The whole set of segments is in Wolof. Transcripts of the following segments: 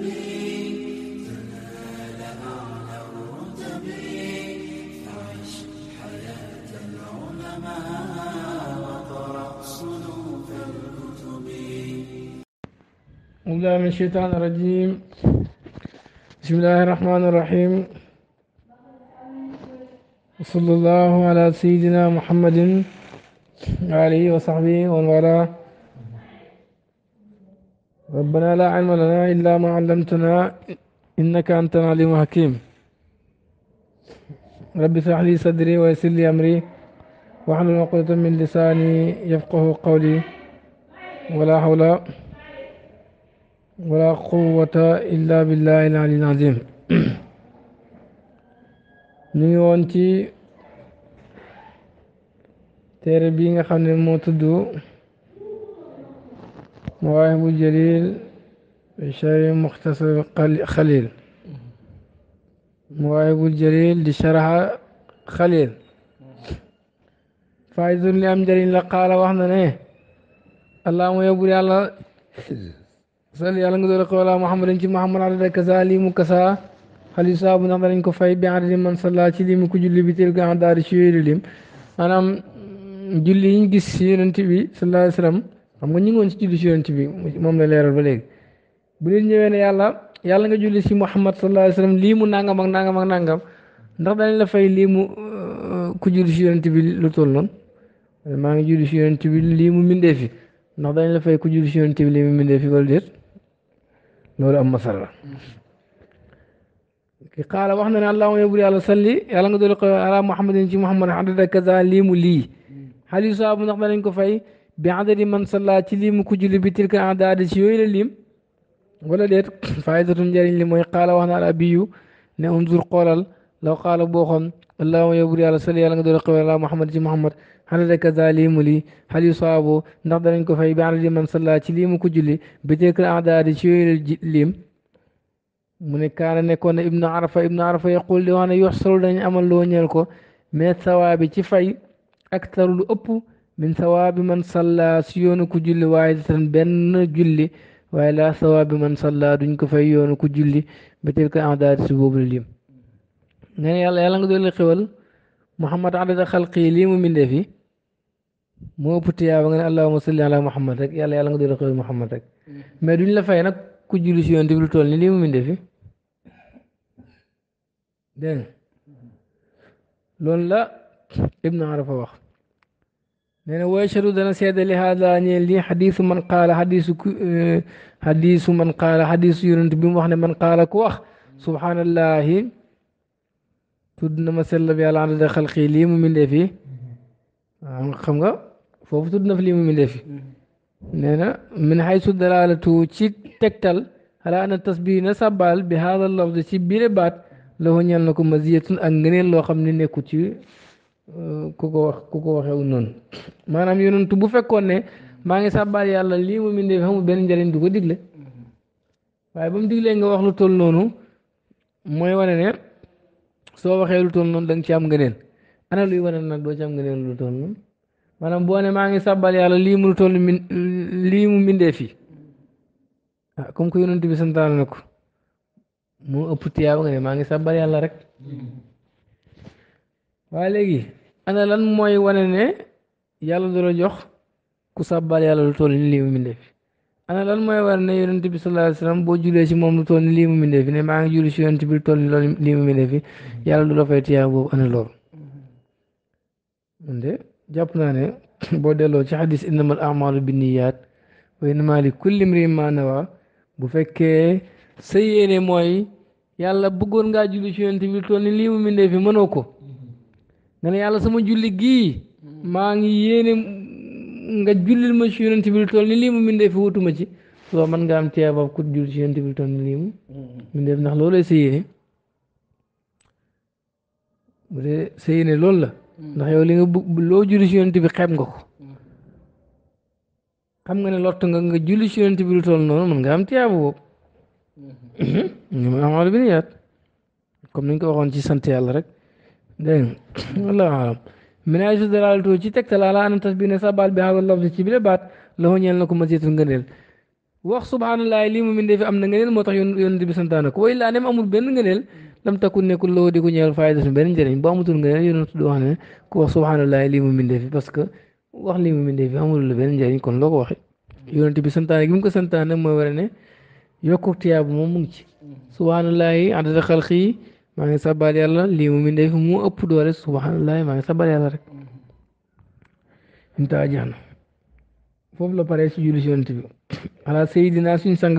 الله من الشيطان الرجيم بسم الله الرحمن الرحيم وصلى الله على سيدنا محمد عليه وصحبه ومن والاه ربنا لا علم لنا إلا ما علمتنا إنك أنت العليم الحكيم رب اشرح لي صدري ويسر لي أمري واحلل عقدة من لساني يفقه قولي ولا حول ولا قوة إلا بالله العلي العظيم نيوانتي ngi woon موتدو مواهب الجليل بشيء مختصر خليل مواهب الجليل لشرح خليل فائز لأمجل لقال وحنا نه إيه. اللهم يبري الله صلي على نقول قولا محمد انت محمد على كذالي مكسا خلي صاحب نظر انك فاي بعرض من صلى تلي مكو جلي بتلك عن دار شير لم انا جلي ينجي سيرنتي بي صلى الله عليه وسلم xam nga ñu ngi woon si julli si yonent bi moom la leeral ba léegi bu leen ñëwee ne yàlla yàlla nga julli si Muhammad sallallahu lii mu nangam ak nangam ak nangam ndax dañ la fay lii mu euh, ku julli si yonent bi lu toll noonu maa ngi julli si yonent bi lii mu mindee fi ndax dañ la fay ku julli si yonent bi lii mu mindee fi wala déet loolu am masar la ki xaala wax na ne la bur yàlla salli yàlla nga doolu ko ala muhammadin ci muhammad adada kaza lii mu lii xal yu saabu bi adadi man salla ci limu ku julli bi tilka adadi ci yooyu la lim wala déet faidatun njëriñ li mooy xaala wax na al abiyu ne unzur xoolal law xaala boo xoon allahuma yow bur yàlla sali yàlla nga doon xewal ala muhammad ci muhammad xale rek za liimu lii xal yu saabu ndax danañ ko fay bi adadi man salla ci limu ku julli bi tilka adadi ci yooyu la lim mu ne kaana nekkoon na ibnu arafa ibnu arafa yaqul di wax ne yoxsalu dañ amal loo ñeel ko mais sawaabi ci fay ak taru lu ëpp من ثواب من صلى سيون كجل واحدة بن جل ولا ثواب من صلى دون كفيون كجل بتلك أعداد سبوب اليوم نعم يلا يلا نقول لقبل محمد عبد الخلق اليوم من دفي مو بطيا بعند الله مصلى على محمد يلا يلا نقول لقبل محمد ما دون لفاي نك كجل سيون تقول تولني اليوم من دفي ده لون لا ابن عرفه وقت نحن ويشهد دنا سيد لهذا أن لي حديث من قال حديث آه، حديث من قال حديث يرنت بما خن من قال كو سبحان الله تدنا مسل بي على عدد خلق لي من دفي آه، خمغا فوف تدنا في لي من دفي نينا من حيث الدلالة تي تكتل على أن التسبيح نسبال بهذا اللفظ تي بير بات لو نيان لكم مزيه ان غنين لو خمني نيكو ku ko wax ku ko waxewu noonu maanaam yonentu bu fekkoon ne maa ngi sàbbaal yàlla lii mu mindee xamul benn njariñ du ko digle waaye ba mu diglee nga wax lu toll noonu mooy wane ne soo waxee lu toll noonu da nga ci am ngëneel ana luy wane nag doo ci am ngëneel lu toll maanaam boo ne maa ngi sàbbal yàlla lii mu lu toll min lii mu mindee fii ah comme que yonent bi santaane na ko moo ëpp tiyaaba nga ne maa ngi sàbbal yàlla rek hmm. waaye léegi ana lan mooy wane ne yàlla du jox ku sàbbaal yàlla lu toll ni lii mu mindee ana lan mooy wane ne yonent bi boo julee si moom lu toll ni lii mu ne maa ngi julli ci yonent bi ni loolu lii yàlla du fay tiyaa boobu ana loolu jàpp naa ne boo delloo ci xadis innamal amalu binniyaat wa innama li kulli imri'in ma nawa bu fekkee sa yéene mooy yàlla bëggoon ngaa julli ci yonent bi lu ni lii mu mënoo ko nga ne yàlla sama julli gii maa ngi yéene nga jullil ma ci yonent bi lu toll ni lii mu mindee fi wutuma ci soo man nga am tiyaaba ku jul ci yonent bi lu toll ni lii mu mindee ndax loolu sa bu dee sa yéene la ndax yow nga loo julli ci yonent bi xeeb nga ko xam nga ne lott nga nga julli ci yonent bi lu toll noonu mën nga am tiyaaba boobu ñu ma amal bi niyaat comme ni ñu ko waxoon ci sant yàlla rek والله عالم من اجل دلال تو جي تك تلالا ان تسبين سبال بهذا اللفظ تي بلي بات لو نيل نكو مزيت نغنيل واخ سبحان الله لي مومن دي في امنا نغنيل موتاخ يون بسنتانك وي لا نيم امول بن لم تكن نيكو لو ديكو نيل فايد بن نجرين بو امتون نغنيل يون تو دوان كو سبحان الله لي مومن دي في باسكو واخ لي مومن دي في امول لو بن نجرين كون لوكو واخ يون تي بسنتانك مكو سنتانك مو وراني سبحان الله عدد خلقي maa ngi sabal yàlla lii mu mbindeef mu ëpp rek inta jeex na foofu la pare si julli si yonent bi ala sayidina suñ sang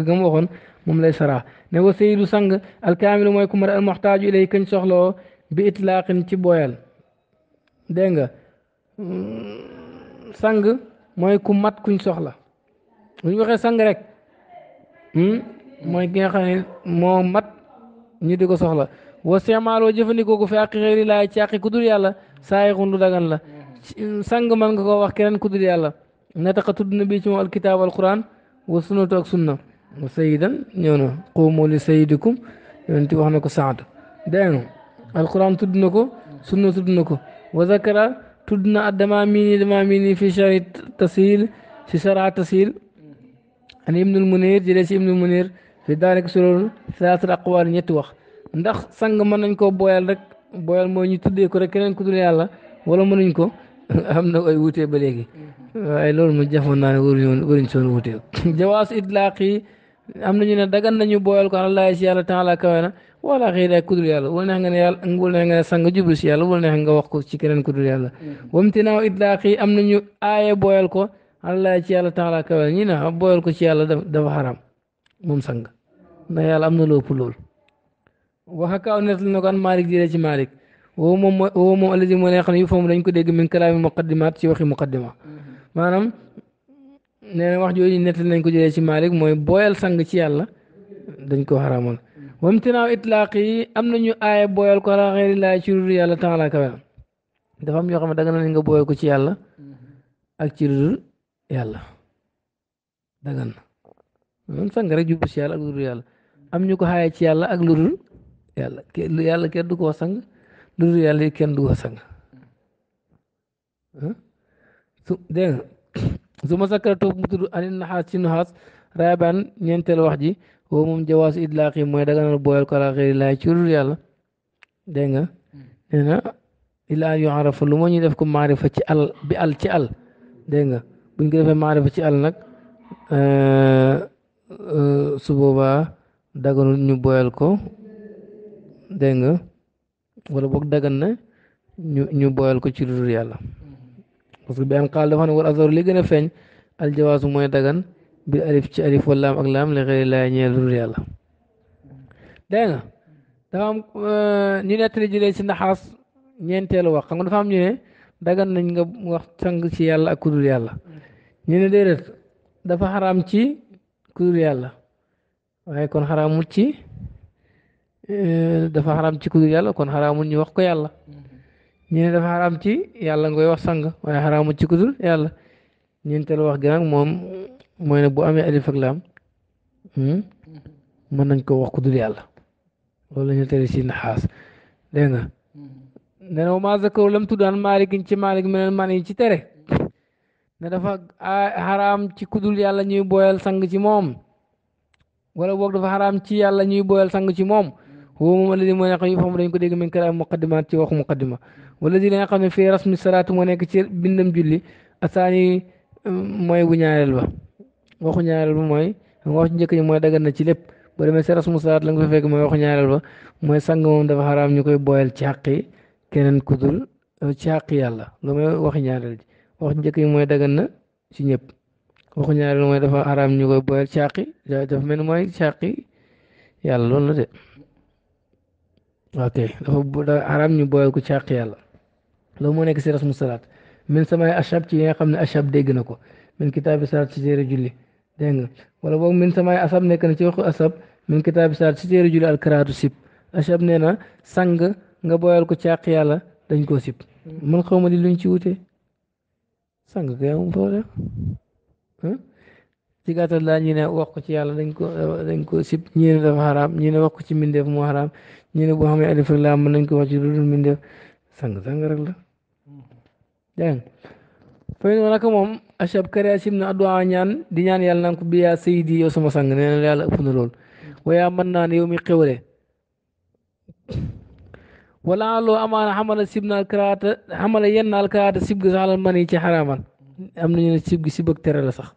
ga mooy ku mat kuñ soxla bu ñu waxee sang rek hmm, mooy mat ñu di ko soxla واستعمال وجفني كوكو في أخي غير لا يتشاقي كدر يالا سايق ونو دغن لا سنغ من كوكو وخيران كدر يالا نتاق تدن بيشم الكتاب والقرآن وسنة والسنة وسيدا يونا قوموا لسيدكم ينتي وحنكو سعد دينو القرآن تدنكو سنة تدنكو وذكر تدن أدما ميني دما ميني في شهر تسهيل في شرع تسهيل أن ابن المنير جلس ابن المنير في ذلك سرور ثلاثة أقوال يتوخ ndax sang mën nañ koo booyal rek booyal moo ñu tuddee ko rek keneen ku dul yàlla wala mënuñ ko am na ay wutee ba léegi waaye loolu mu jafoon naa ne waruñu waruñ soon wutee jawaas itlaaq am nañu ne dagan nañu booyal ko àllaahi si yàlla taala kawe na wala xëy na ku nga ne yàlla wala neex nga ne sang jublu si nga wax ko ci keneen ku dul yàlla mm-hmm. wamtinaaw itlaaq yi am nañu aaye booyal ko àllaahi ci yàlla taala kawe na ñi ne ko ci yàlla dafa xaram moom sang ndax yàlla am na loo loolu waxa kaaw nettali na ko an Malick jëlee ci Malick woo moom mooy woo moom alladi moo ne xam ne dañ ko dégg min kalaami muqaddimaat ci waxi muqaddima maanaam nee na wax jooju nettali nañ ko jëlee ci Malick mooy booyal sang ci yàlla dañ ko xaraamal wamtinaaw itlaaq yi am nañu aaya booyal ko ala xeyrillaahi ci rudur yàlla am yoo xam ne daga nañ nga booyal ko ci yàlla ak ci rudur yàlla dagan na man sang rek am ko xaaye ci yàlla ak rudur yàlla yàlla kenn du ko sang lu dul yàlla yi kenn du ko sang su nga su ma sakkara toog mu tudd anin naxaas ci naxaas raabaan ñeenteel wax ji woo moom jawaas idlaaq yi mooy daganal booyal ko laa xëy laay ci yàlla dégg nga nee na ilaa yu arafa lu ma ñu def ko fa ci al bi al ci al dégg nga buñ ko defee maarifa ci al nag euh, euh, su boobaa daganul ñu booyal ko dégg nga wala boog dagan na ñu ñu boyal ko ci dudul yàlla parce que bi am xaal dafa ne war azaru gën a feeñ aljawaasu mooy dagan bi ci alif wala ak laam li xëy ñee ñeel dudul yàlla dégg nga dafa am euh, ñu nettali jëlee si naxaas ñeenteelu wax xam nga dafa am ñu dagan nañ nga wax sang ci yàlla ak kudul yàlla ñu ne déedéet dafa xaraam ci kudul yàlla waaye kon xaraamul ci Euh, dafa xaram ci kudur yàlla kon xaraamul ñu wax ko yàlla mm-hmm. ñu ne dafa xaram ci yàlla koy wax sang waaye xaraamul ci kudur yàlla ñeenteel wax gi moom mooy ne amee alif ak hmm, mm-hmm. mën nañ ko wax kudur yàlla loolu la ñu tere si naxaas dégg mm-hmm. lam tuddaan maalikin ci maalik meneen man yi ci tere ne dafa xaraam ci kudul ñuy booyal sang ci moom wala boog dafa xaraam ci yàlla ñuy booyal sang ci moom huwa moom alladi moo ne xam yufhamu dañ ko dégg min kalaam muqaddimaat ci waxu muqaddima wala di la nga xam ne fii rasmi salaatu moo nekk ci ñaareel ba waxu ñaareel ba mooy wax njëkk ñi mooy dagan na ci lépp boo demee si rasmu salaat la nga fa fekk mooy waxu ñaareel mooy sang moom dafa xaraam ñu koy booyal ci xaqi keneen ku dul ci yàlla lu may waxi ñaareel ji njëkk ñi mooy dagan na ci ñëpp waxu ñaareel mooy dafa xaraam ñu koy booyal ci xaqi mel mooy ci yàlla loolu la de ok eh, dafa xaram ñu boyal ko ci àq yàlla loolu moo nekk si rasmu salaat min samay ashab ci yi xam ne ashab dégg na ko min kitaabi salaat ci téere julli dégg nga wala boog min samay asab nekk na ci wax waxu asab min kitaabi salaat ci téere julli alkaraatu sib ashab nee na sang nga boyal ko ci àq yàlla dañ koo sib man xaw ma di luñ ci wute sang ko yow problème ne wax ko ci yàlla dañ ko dañ ko sib ñi ci mbindeef moo ñu ne boo xamee alif rek la mën nañ ko wax ci lu dul mbindeef sang-sang rek la dégg fay di ñaan yàlla naan ko bi yaa naa ne yow mi xewale man am nañu ne sib gi sib ak tere la sax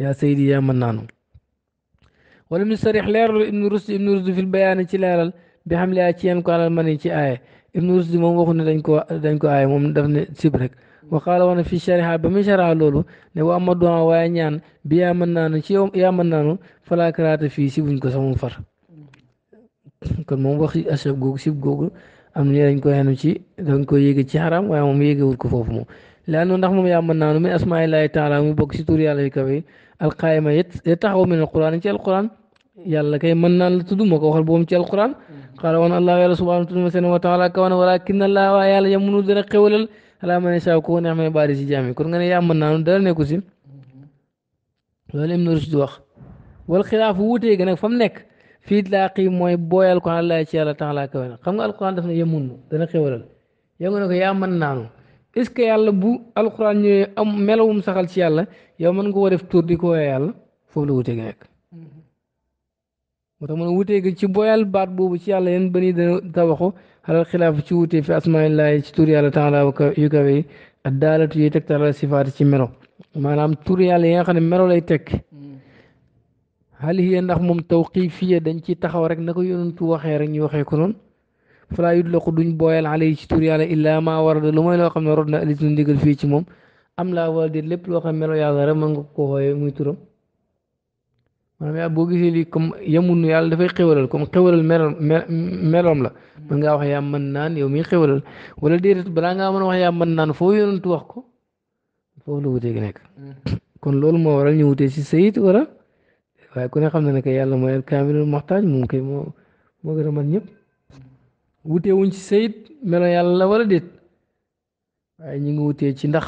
yaa sayidi yaa mën naanu wala mu sarix leerul ibnu rusdi ibnu rusdi fil bayaani ci leeral bi xam laa ci yéen ko alal mani ci aaye ibnu rusdi moom waxu ne dañ ko dañ ko aaye moom daf ne sib rek waxaala woon fi shariha ba mu shariha loolu ne wa ama doon waaye ñaan bi yaa mën naanu ci yow yaa mën naanu falaa karaata fii sibuñ ko sama far kon moom wax asab googu sib googu am na dañ ko xenu ci dañ ko yéege ci xaram waaye moom yéegewul ko foofu moom laa noonu ndax moom yaa mën naanu min asmaillahi taala mu bokk si tur yàlla yu kawe alqaayima yet taxaw min alquran ci alquran يلا كي من نال تدو ما كوخر بوم تيال القرآن قال وان الله يلا سبحانه تدو مسنا وتعالى كوان ولكن الله ويلا يمنو درق ولل هلا ما نشاء كون يعمل باريس جامي كون غني يام من نال دار نكوسين ولا يمنو رشد وخ والخلاف ووتي غنك فم نك في تلاقي موي بوي القرآن الله تيال تعالى كوان خم القرآن دفن يمنو درق ولل يمنو كي يام من نال إسك يلا بو القرآن يم ملوم سخال تيال يوم نقول افتور ديكو يلا فولو تيجي moo tax man wutee gi ci boyal baat boobu ci yàlla yéen ba nii dana tabaxu xalal xilaaf ci wutee fi asmaillahi ci tur yàlla taala yu kawe yi ak daalatu yi teg talal sifaat ci melo maanaam tur yàlla yi nga xam ne melo lay teg xal hiya ndax moom tawqifiya dañ ci taxaw rek na ko yonentu waxee rek ñu waxee ko noonu falaa yutlaqu duñ booyal ala yi ci tur yàlla illaa maa warada lu mooy loo xam ne rod na alis nu ndigal fii ci moom am laa wala déet lépp loo xam melo yàlla rek mën ko xooyee muy turam maanaam yàlla boo gisee lii comme yamunu yàlla dafay xéwalal comme xéwalal melam melom la mën ngaa wax yaa mën naan yow miy xéwalal wala déedéet balaa ngaa mën a wax yaa mën naan foo yonantu wax ko foofu la wutee gi nekk mm-hmm. kon loolu moo waral ñu wutee si sayit wala waaye ku ne xam na ne que yàlla mooy kaamilul moxtaaj moom kay moo moo gën a mën ñëpp wutee wuñ ci sayit melo yàlla la wala déet waaye ñu ngi wutee ci ndax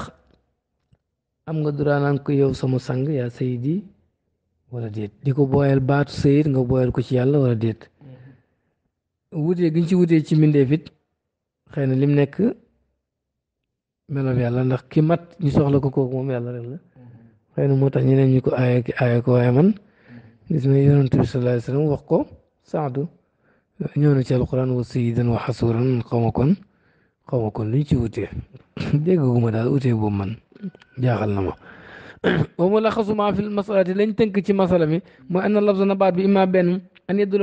am nga duraa naan ko yow sama sang yaa sayit wala déet di ko booyal baatu sayid nga booyal ko ci yàlla wala déet mm-hmm. wutee gi ci wutee ci mbindeef it xëy na lim nekk meloom yàlla ndax ki mat ñu soxla ko kooku moom yàlla rek la mm-hmm. xëy na moo tax ñeneen ñu ko aaye aaye ko waaye man mm-hmm. gis na yonent bi wax ko saadu ñoo na ci alquran wa sayidan wa xasuuran xaw ma kon xaw ma kon luñ ci wutee dégguma daal wutee boobu man jaaxal na ma وملخصه ما في المسألة لن تنك في مسألة مي ما أن اللفظ نبات بإما بين أن يدل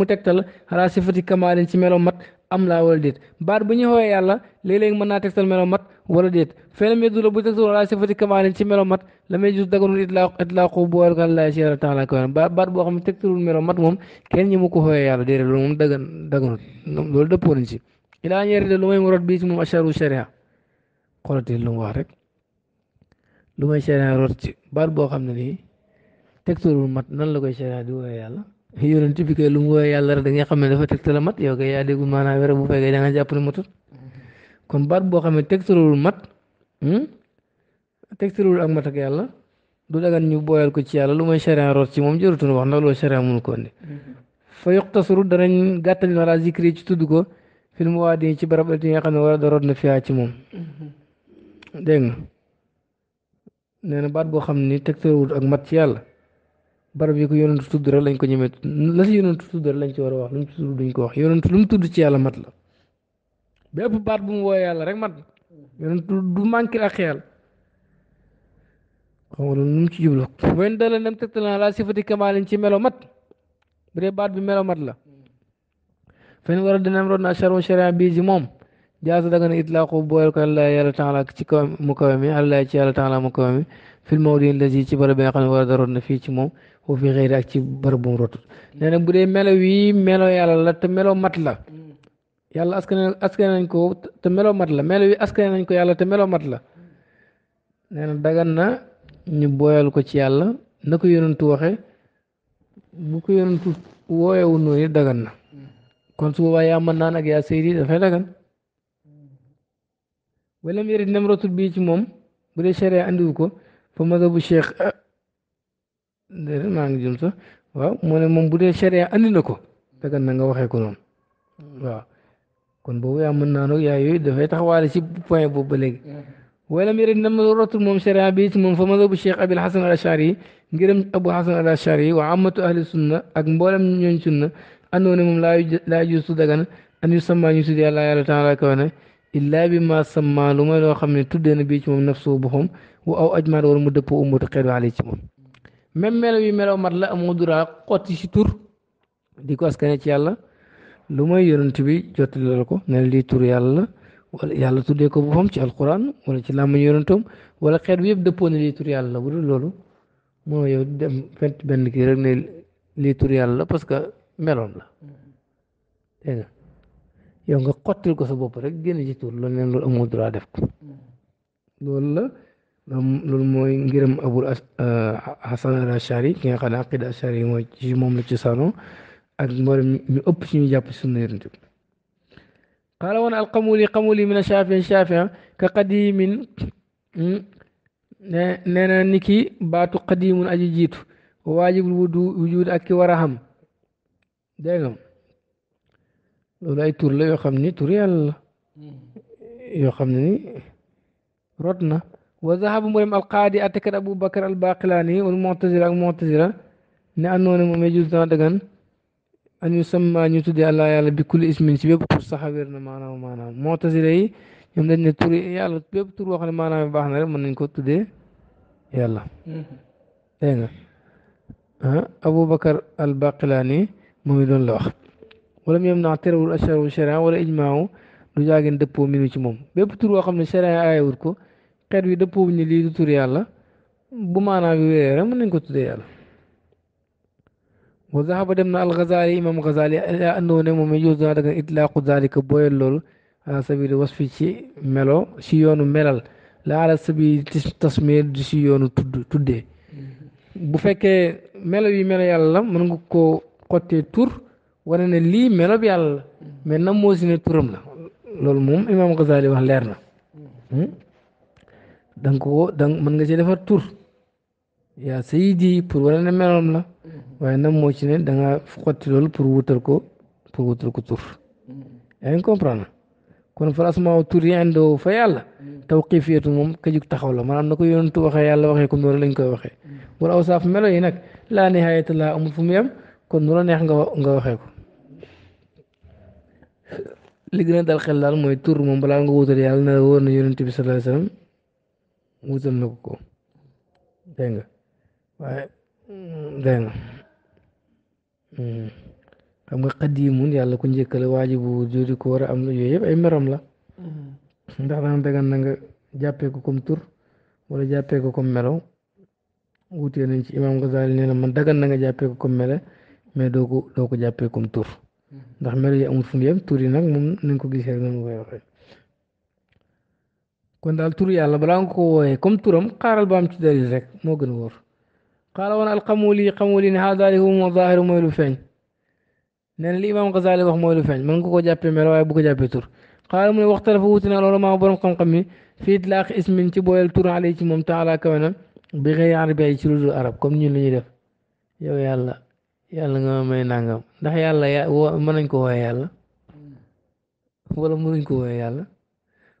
متكتل على صفة كمال في ملو مات أم لا ولدت بار بني هو يالا ليلين منا تكتل ملو مات ولدت فلم يدل متكتل على صفة كمال في ملو مات لم يجوز دقون إطلاق إطلاق بوار قال الله شير تعالى كوان بار بوخم تكتل ملو مات موم كين يموكو هو يالا دير لهم دقون دقون دول دبورنشي إلا أن يرد لهم مرد بيسمو أشارو شريعة قلت لهم وارك lu may sharia rot ci bar bo xam ne nii mat nan la koy sharia di wooye yàlla yonent bi kay lu mu wooye yàlla rek da nga xam ne dafa tegtala mat yow kay yaa déggul maanaam wér bu fekkee da nga jàpp ne matut kon baat boo xam ne tegtalul mat hmm, tegtalul ak mat ak yàlla du dagan ñu booyal ko ci yàlla lu may sharia rot ci moom jërutu wax ndax loolu sharia mënu ko indi fa yuqtasuru danañ gàttal na laa zikri ci tudd ko film waa ci barab yi nga xam ne war a na fiya ci mom dégg nee na baat boo xam ni tegtalewut ak mat ci yàlla barab yi ko yonentu tudd rek lañ ko ñemee la si yonentu tudd rek lañ ci war a wax lu mu tudd ko wax yonentu lu mu tudd ci yàlla mat la bépp baat bu mu wooyee yàlla rek mat yonentu du manqué ak yàlla xam nga loolu mu ci jublu wen dala nem tegtale laa sifati kamaalin ci melo mat bu dee baat bi melo mat la fen war a dinaam roon na charon charia bii ji moom jaasa daga ne itlaaqu boole ko àlla yàlla taala ci kaw mu kawe mi yàlla taala mu kawe mi fil mawdi lazi ci barab bi nga ne war a na fii ci moom foo fi xëyri bu mu rotut nee na bu dee melo wii melo yàlla la te melo mat la yàlla askan askan nañ ko te melo mat la melo wi askan nañ ko yàlla te melo mat la nee na dagan na ñu booyal ko ci yàlla na ko yonentu waxe bu ko yonentu wooyewu noonu dagan na kon su boobaa yaa naan ak yaa seydi dafay dagan wala mu yërit namratul bii ci moom bu dee sharia andiwu ko fa mazhabu cheikh ah, déedéet maa ngi jum sax waaw moo ne moom bu dee sharia andi na ko dagan na nga waxee ko noonu waaw kon boobu yaa mën naa nag yaa yooyu dafay taxawaale ci point boobu ba léegi wala mu yërit namratul moom sharia bii ci moom fa mazhabu cheikh abil hasan al ashari yi ngërëm abu hasan al ashari yi wa amatu ahli sunna ak mboolem ñooñ na andoone moom laa laa justu dagan an yu sammaa ñu tuddee yàlla yàlla taala kawane illaa bi ma samma lu mooy loo xam ne tuddee na bii ci moom nafsu boppam wu aw ajmaat wala mu dëppoo ummatu xeetu xale ci moom même melo yi melaw mat la amoo duraa xotti si tur di ko askane ci yàlla lu mooy yonent bi jottali la ko ne lii tur yàlla wala yàlla tuddee ko boppam ci alquran wala ci làmmañ yonentam wala xeet bi yëpp dëppoo ne lii tur yàlla la bu dul loolu moo yow fent benn kii rek ne lii tur yàlla la parce que meloom la يوم قتل كسبو برجن يجي تقول لنا إنه أمو درا دفك دولا لم لم ينجرم أبو آه، حسن الرشاري كي أنا قيد الرشاري ما يجي مم لجسانو أجمر مأبش مي جاب سنير نجوم قال وانا القمولي قمولي من الشافع الشافع كقديم نانا نكي باتو قديم أجي جيتو واجب الوجود أكي ورهم دعم لاي تورلا يا خمني توريال يا خمني ردنا وذهب مريم القاضي أتكر أبو بكر الباقلاني والمعتزلة المعتزلة نأنون من يجوز دعان أن يسمى أن يتدي على يالا بكل اسم من سبب كل صحابيرنا معنا ومعنا معتزلة يوم دعان يتوري إيه يالا بيب تروا خلي معنا مباحنا من نكوت تدي يالا إيه أه؟ أبو بكر الباقلاني مميدون لوحد wala mu yem naa terewul acharu sharia wala ijmaaw du jaageen dëppoo minu ci moom bépp tur woo xam ne sharia aayawut ko xeet wi dëppoo bu lii du tur yàlla bu maanaa bi wéree rek mën nañ ko tuddee yàlla wa zahaba dem na al-Ghazali imam Ghazali yaa andoo ne moom yooyu naa daga itlaaqu zalika ci melo si yoonu melal la ala sabili tasmir di si yoonu tudd tuddee mm-hmm. bu fekkee melo yi melo yàlla mën nga ko xottee tur wane ne lii melob yàlla la mais nam moo si ne turam la loolu moom imaam Ghazali wax leer na hmm? danga ko danga mën nga ci defar tur yaa sayidi pour wane na meloom la waaye nam moo ci ne da nga xotti loolu pour wutal ko pour wutal ko tur yaa ngi comprendre kon fal asmaaw tur yi indoo fa yàlla tawqifiyatu moom kajug taxaw la maanaam na ko yonentu waxee yàlla waxee ko noonu lañ koy waxee wala awsaaf melo yi nag laa nihaayata laa amul fu mu yem kon nu neex nga nga waxee ko li gën a dal mooy tur moom balaa nga wutal yàlla na wóor na yonent bi sallallahu alayhi wasallam wutal na ko ko dégg nga waaye dégg nga hmm. xam nga yàlla ku njëkkale waajibu jooju ko war a am la yooyu yëpp ay meram la hmm. ndax dana dagan na jàppee ko comme tur wala jàppee ko comme melo wutee nañ ci imaam Gazaali nee na man dagan na nga jàppee ko comme melo mais doo ko doo ko jàppee comme tur ndax mel yi amul fu mu yem tur yi nag moom nañ ko gisee noonu koy waxee kon daal tur yàlla balaa nga ko wooyee comme turam xaaral ba am ci dalil rek moo gën a wóor qaala woon alxamuli xamuli ne haada li huwa zaahiru mooy lu feeñ nee na li imaam Gazaali wax mooy lu feeñ mën nga ko jàppee mel waaye bu ko jàppee tur qaala mu ne waxtalafa wuti naa loolu maa borom xam-xam yi fii itlaaq ismin ci booyal tur alay ci moom taala kawe na bi xëy arab ci lu dul arab comme ñun li ñuy def yow yàlla yàlla nga may nangam ndax yàlla ya mën nañ ko wooye yàlla wala mënuñ ko wooye yàlla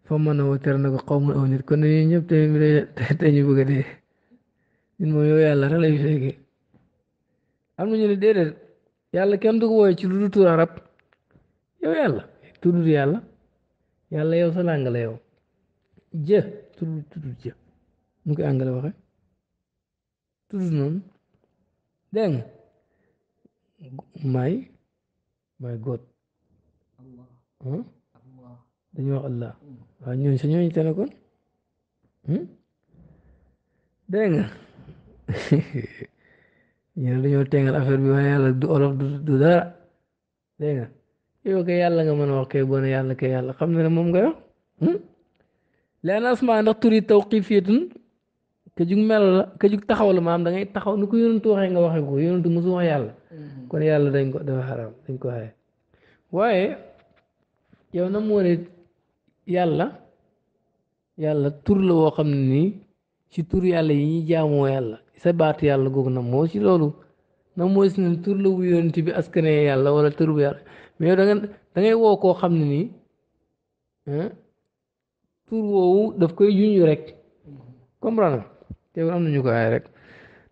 fa mën a woo tere na ko xaw ma aw nit kon ñun ñëpp te ñu bëgg a dee ñun mooy yow yàlla rek la ñu fekkee am na ñu ne déedéet yàlla kenn du ko wooye ci lu dul tur arab yow yàlla tuddut yàlla yàlla yow sa làng yow jë tuddut tuddut jë mu ko waxe tuddut noonu dégg may mooy góot dañu wax allah hmm. waaw ñooñ sa ñooñ tane kon hmm? dégg nga ñu dañoo tengal affaire bi waaye yàlla du olof du dara dégg nga yow kay yàlla nga mën wax kay boo ne yàlla kay yàlla xam na ne moom nga wax leen asmaa ndax turi tawqifiyatun ke jug la ke taxaw la maam da taxaw ni ko yonentu waxee nga waxee ko yonentu mosu wax yàlla mm-hmm. kon yàlla dañ ko dafa xaram dañ ko xaye waaye yow na moo ne yàlla yàlla tur la woo xam ne nii ci tur yàlla yi ñuy jaamoo yàlla sa baat yàlla googu na moo si loolu na moo si ne tur la wu yonent bi askane yàlla wala tur bu yàlla mais yow dangay nga woo koo xam ne nii tur woowu daf koy juñu rek mm-hmm. comprendre teewul am nañu ko ay rek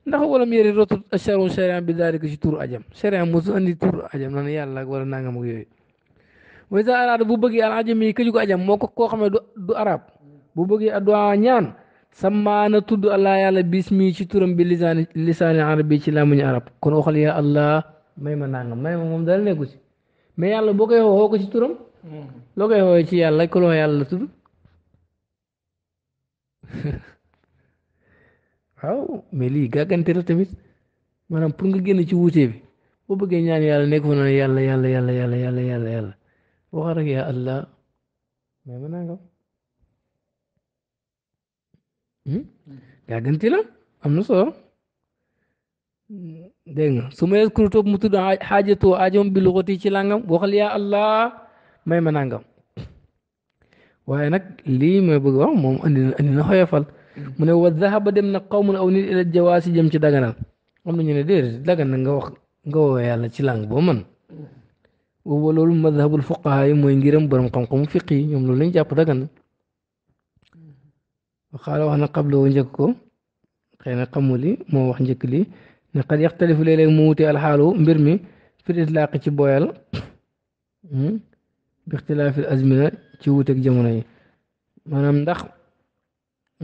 ndax wala mu yëre rotu charon charin bi daal di ci tur ajam charin mosu andi tur ajam naan yàlla wala nangam ak yooyu mooy sa araada bu bëggee al ajam yi këju ko ajam moo ko koo xam ne du arab bu bëggee adduwaa ñaan samaana tudd allah yàlla bismi ci turam bi lisaani lisaani arab bi ci làmmiñu arab kon waxal yaa allah may ma nangam may ma moom dara nekku ci mais yàlla boo koy xoo ko ci turam hmm. loo koy xooyee ci yàlla ko loo yàlla waaw mais lii gàggante la tamit maanaam pour nga génn ci wuute bi boo bëggee ñaan yàlla nekk fa naan yàlla yàlla yàlla yàlla yàlla yàlla yàlla waxal rek yaa allah mais ma nangam hmm? gàggante la am na solo dégg nga su ma yeskuru toog mu tudd xaajatoo aajom bi luxati ci làngam waxal allah may ma nangam waaye nag lii may bëgg wax moom andi na andi mu ne wa zahaba dem na qawmun aw nit ila jawaasi jëm ci daganal am na ñu ne déedéet dagan na nga wax nga woo yàlla ci langue boo mën boobu loolu madhabul fuqaha yi mooy ngiram borom xam-xamu fiq yi ñoom loolu lañ jàpp dagan na waxaala wax na qabla woo njëkk ko xëy na xamu li moo wax njëkk li ne xad yaxtalifu léeg-léeg mu wute alxaalu mbir mi fil itlaaq ci booyal bi ixtilaafil azmina ci wuuteeg jamono yi maanaam ndax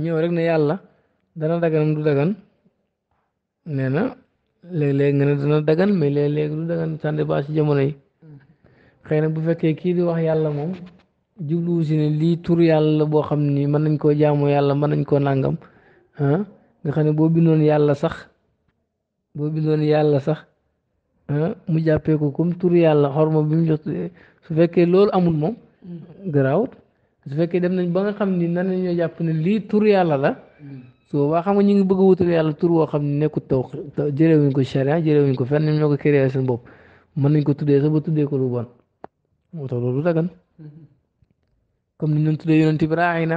ñëw rek ne yàlla dana daganam du dagan nee na léeg-léeg nga ne dana dagan mais léeg-léeg du dagan sànni baa si jamono yi xëy na bu fekkee kii di wax yàlla moom jubluwu si ne lii tur yàlla boo xam nii mën nañ koo jaamu yàlla mën nañ koo nàngam ah, nga xam ne boo bindoon yàlla sax boo bindoon yàlla sax ah, mu jàppee ko comme tur yàlla xorma bi mu jot su fekkee loolu amul moom mm. garaawut su fekkee dem nañ ba nga xam ni nan nañoo jàpp ne lii tur yàlla la su boobaa xam nga ñu ngi bëgg a wutal yàlla tur woo xam ne nekkul taw jërewuñ ko charia jërewuñ ko fenn ñoo ko créé seen bopp mën nañ ko tuddee sa ba tuddee ko lu bon moo tax loolu dagan comme ni ñun tuddee yonent bi raay na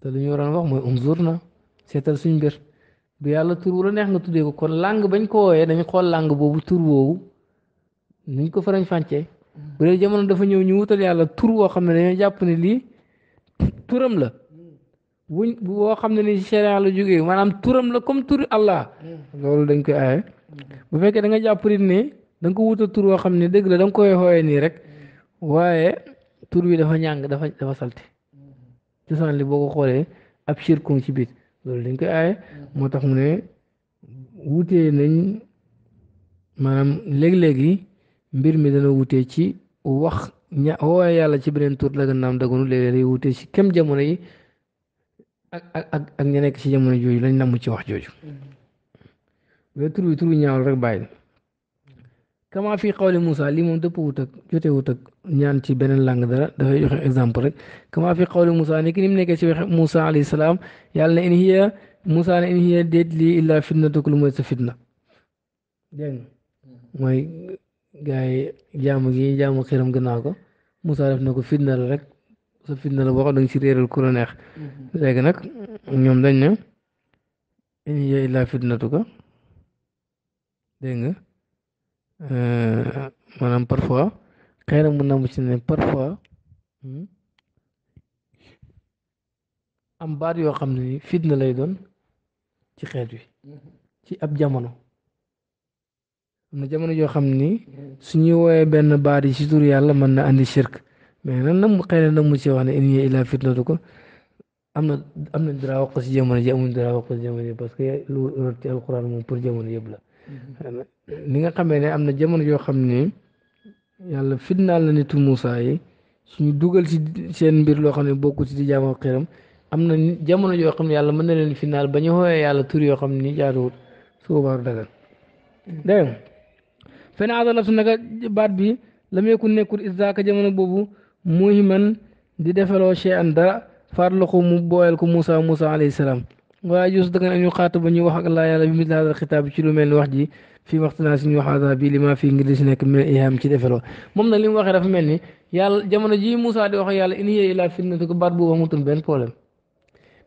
te li ñu waroon wax mooy umzur na seetal suñ mbir bu yàlla tur wu la neex nga tuddee ko kon làng bañ ko wooyee dañu xool làng boobu tur woowu niñ ko farañ fàncee bu dee jamono dafa ñëw ñu wutal yàlla tur woo xam ne dañoo jàpp ne lii turam la wuñ woo xam ne ni sharia jóge jógee maanaam turam la comme turi Allah loolu dañ koy aaye bu fekkee da nga jàpp nit ne da ko wutal tur woo xam ne dëgg la da koy xooyee nii rek waaye tur bi dafa ñàng dafa dafa salte cosaan li boo ko xoolee ab shirkum ci biir loolu dañ koy aaye moo tax mu ne wutee nañ maanaam léeg-léegi mbir mi dana wuté ci wax ña woowe yàlla ci beneen tur dagan naam daganu léeg-léeg day wutee ci kem jamono yi ak ak ak ak ña nekk ci jamono jooju lañ namm ci wax jooju mais tur bi tur bi ñaawal rek bàyyi kama fi xawli Moussa lii moom dëpp wut ak jote wut ak ñaan ci beneen langue dara dafay joxe exemple rek kama fi xawli Moussa ni ki ni mu nekkee ci wax Moussa alayhi salaam yàlla na in hiya Moussa na in hiya déet lii illaa fitnatuka lu mooy sa fitna dégg nga mooy gaa yi jaamu gi jaamu xiram gannaaw ko Moussa def na ko fitna la rek sa fitna la boo xam da mhm. léegi nag ñoom dañ ne in hiya illaa fitnatuka dégg nga maanaam parfois xëy na mun naa mucc parfois hmm, am yoo xam ne fitna lay doon ci xeet wi mhm. ci ab jamono am na jamono joo xam ni suñuy woowee benn baat yi ci tur yàlla mën na andi shirk mais nan nag mu xëy nag mu ci wax ne ko am na am nañ dara wax ko ci jamono ji amuñ que lu rot ci moom pour jamono yëpp la li mm-hmm. nga xamee ne am na jamono yoo xam ni yàlla fitnaal na nitu Moussa yi suñu dugal si seen mbir loo xam ne bokku si di jaamu xiram am na jamono yoo xam ne yàlla mën na leen fitnaal ba ñu xooyee yàlla tur yoo xam ni jaaduwut su boobaa du فين هذا لابس نجا بعد بي لم يكن نكر إذا كجمن بوبو مهما دي دفلو شيء أن درا فارلكو مبوالكو موسى موسى عليه السلام ويجوز دكان أن يخاطب أن يوحق الله يعلم بمثل هذا الخطاب شلو من الوحدي في وقت ناس يوحى هذا بي لما في انجليزي نك من ايهام كي دفلو ممنا لين واخر في ملني يال جمانو جي موسى دي واخا يال ان هي الا فتنه تك بار بو موتن بن بروبليم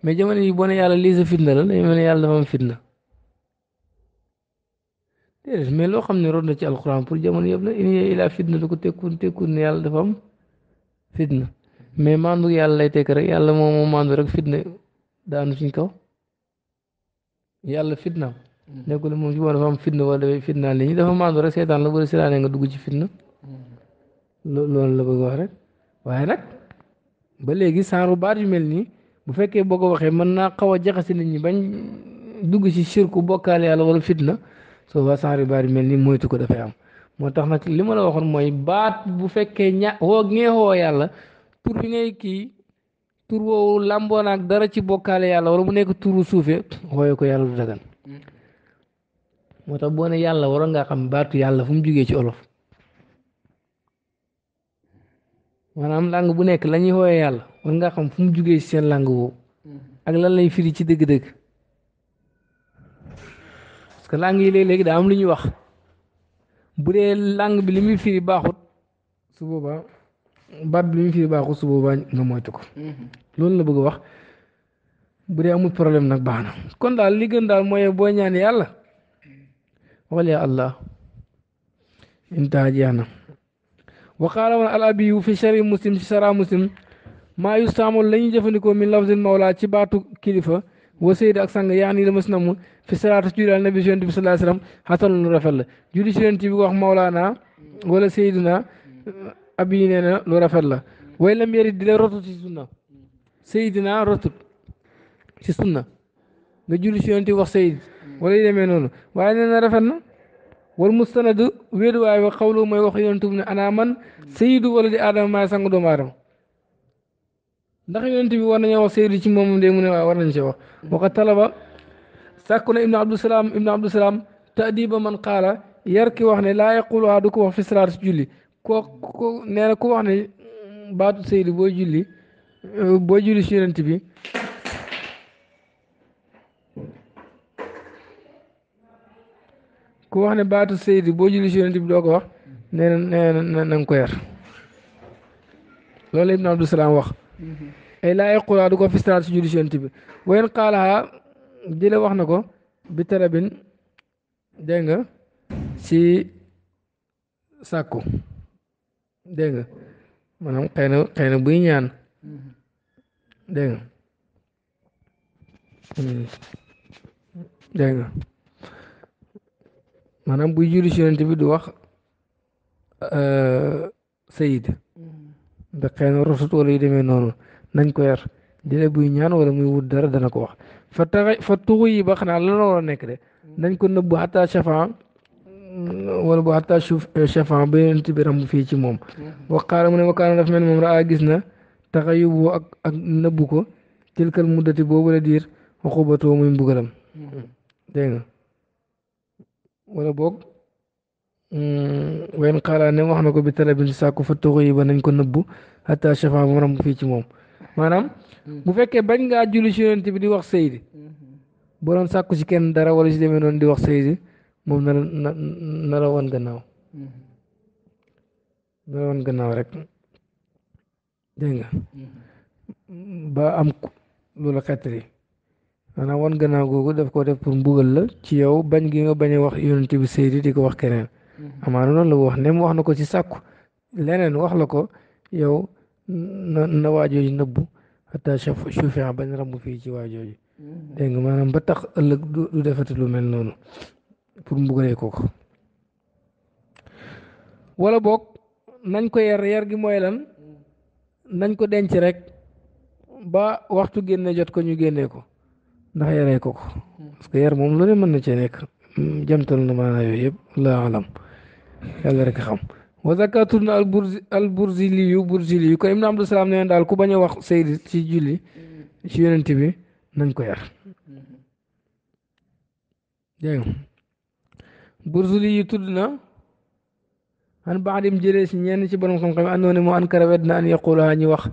مي جمانو يي بون يال ليز فتنه لا يمن يال دا فتنه déedéet mais loo xam ne root na ci alquran pour jamono yëpp la in hiya fitna lu ko tekkun tekkun ne yàlla dafa am fitna mais maandu yàlla lay tekk rek yàlla moom moo maandu rek fitna daanu suñ kaw yàlla fitna mm-hmm. nekkul moom ci moom dafa am fitna wala dafay fitnaan nit ñi dafa maandu rek seetaan la bu la nga dugg ci fitna mm-hmm. loolu la bëgg wax rek waaye nag ba léegi saaru baat yu mel nii bu fekkee boo ko waxee mën naa xaw a jaxase nit ñi bañ dugg ci sirku bokkaale yàlla wala fitna soo ba sans ribaar mel ni moytu ko dafay am moo tax na li ma la waxoon mooy baat bu fekkee ña woo ngee woo yàlla tur bi ngay kii tur woowu làmboo naag dara ci bokkaale yàlla wala mu nekk turu suufee wooyee ko yàlla du dagan moo yàlla waroon ngaa xam baatu yàlla fu mu jugee ci olof maanaam langue bu nekk lañuy ñuy wooyee yàlla war ngaa xam fu mu jugee ci seen langue woowu ak lan lay firi ci dëgg-dëgg. que langue yi léeg-léegi daa am lu ñuy wax bu dee langue bi lim muy firi baaxut su baat bi li muy firi baaxut su nga moytu ko mhm. loolu la bëgg wax bu dee amul problème nag baax na kon daal li gën daal mooy boo ñaan yàlla waxal yaa allah intaha jeex na wa qaala woon al abiyu fi shari muslim ci shara muslim maa yu saamoon la ñuy jëfandikoo min lafzin mawla ci baatu kilifa wa sayid ak sang yaa nii la mas namu fi salaatu julli ala nabi yonent bi sallallahu alayhi wasallam lu rafet la julli ci yonent bi ko wax Mawlaana wala Seydina naa yi nee na lu rafet la way lam yarit di la rotu ci sunna Seydina rotut ci sunna nga julli ci yonent wax Seyd wala yu demee noonu waaye nee na rafet na wal mustanadu wéeduwaay wa xawlu mooy wax yonent bi ne ana man Seydu wala di aadama maay sangu doomu aadama ndax yonent bi war nañoo wax Seydu ci moom de mu ne waaw war nañ ci wax sàkku na ibnu abdusalaam ibnu abdusalaam taadiba man qaala yar ki wax ne laa yaquluwaa du ko wax fi salaat si julli ko ko ku wax ne baatu seydi booy julli booy julli si yonent bi ku wax ne baatu seydi boo julli si bi doo ko wax nee na ko yar loolu ibnu abdusalaam wax mhm. ay laa yaquluwaa du ko wax fi salaat si julli si yonent bi wayen qaalaha dila wax nako ko bi talabin dégg nga si saku, denga, nga maanaam xëy na denga, buy ñaan dégg nga dégg nga buy julli si yonent bi du wax euh sayyid da na rosut wala yi demee noonu nañ ko yar dila buy ñaan wala muy wut dara dana ko wax fa taxa fa tuxu yi ba xanaa la war a nekk de dañ ko nëbbu xataa chafan wala bu xataa suuf chafan ba yonent bi ramb fii ci moom waqaara mu ne waqaara dafa mel moom raa gis na taxayubu ak ak nëbbu ko tilkal muddati boobu la diir xuqubatoo muy mbugalam dégg nga wala boog wayn xaala ne wax na ko bi talabin sàkku fa tuxu yi ba nañ ko nëbbu xataa chafan ba mu ramb fii ci moom maanaam bu fekkee bañ ngaa julli ci yonent bi di wax sëydi boo doon sàkku ci kenn dara wala ci demee noonu di wax sëydi moom na na la woon gannaaw na la gannaaw rek dégg nga ba am lu la xettali maanaam wan gannaaw googu def koo def pour mbugal la ci yow bañ gi nga bañ a wax yonent bi sëydi di ko wax keneen amaana noonu la wax ne wax na ko ci sàkku leneen wax la ko yow na na waajooju nëbbu xataa chauffeur bañ rambu fii ci waa jooju mm-hmm. dégg nga maanaam ba tax ëllëg du defati lu mel noonu pour mbugalee ko ko wala boog nañ ko yar yar gi mooy lan mm-hmm. nañ ko denc rek ba waxtu génne jot ko ñu génnee ko ndax yaree ko ko mm-hmm. parce que yar moom lu ne mën na cee nekk mm, lu na maanaa yooyu yëpp laa alam yàlla rek xam وذكرت البرزيلي برزيلي كان ابن عبد السلام نين دال كو باني واخ سيد سي جولي سي يونتي بي نانكو يار ديو برزيلي تودنا يعني ان بعد ام جيري سي نين سي بروم خم خم انوني مو ان كرويد ان يقول هاني واخ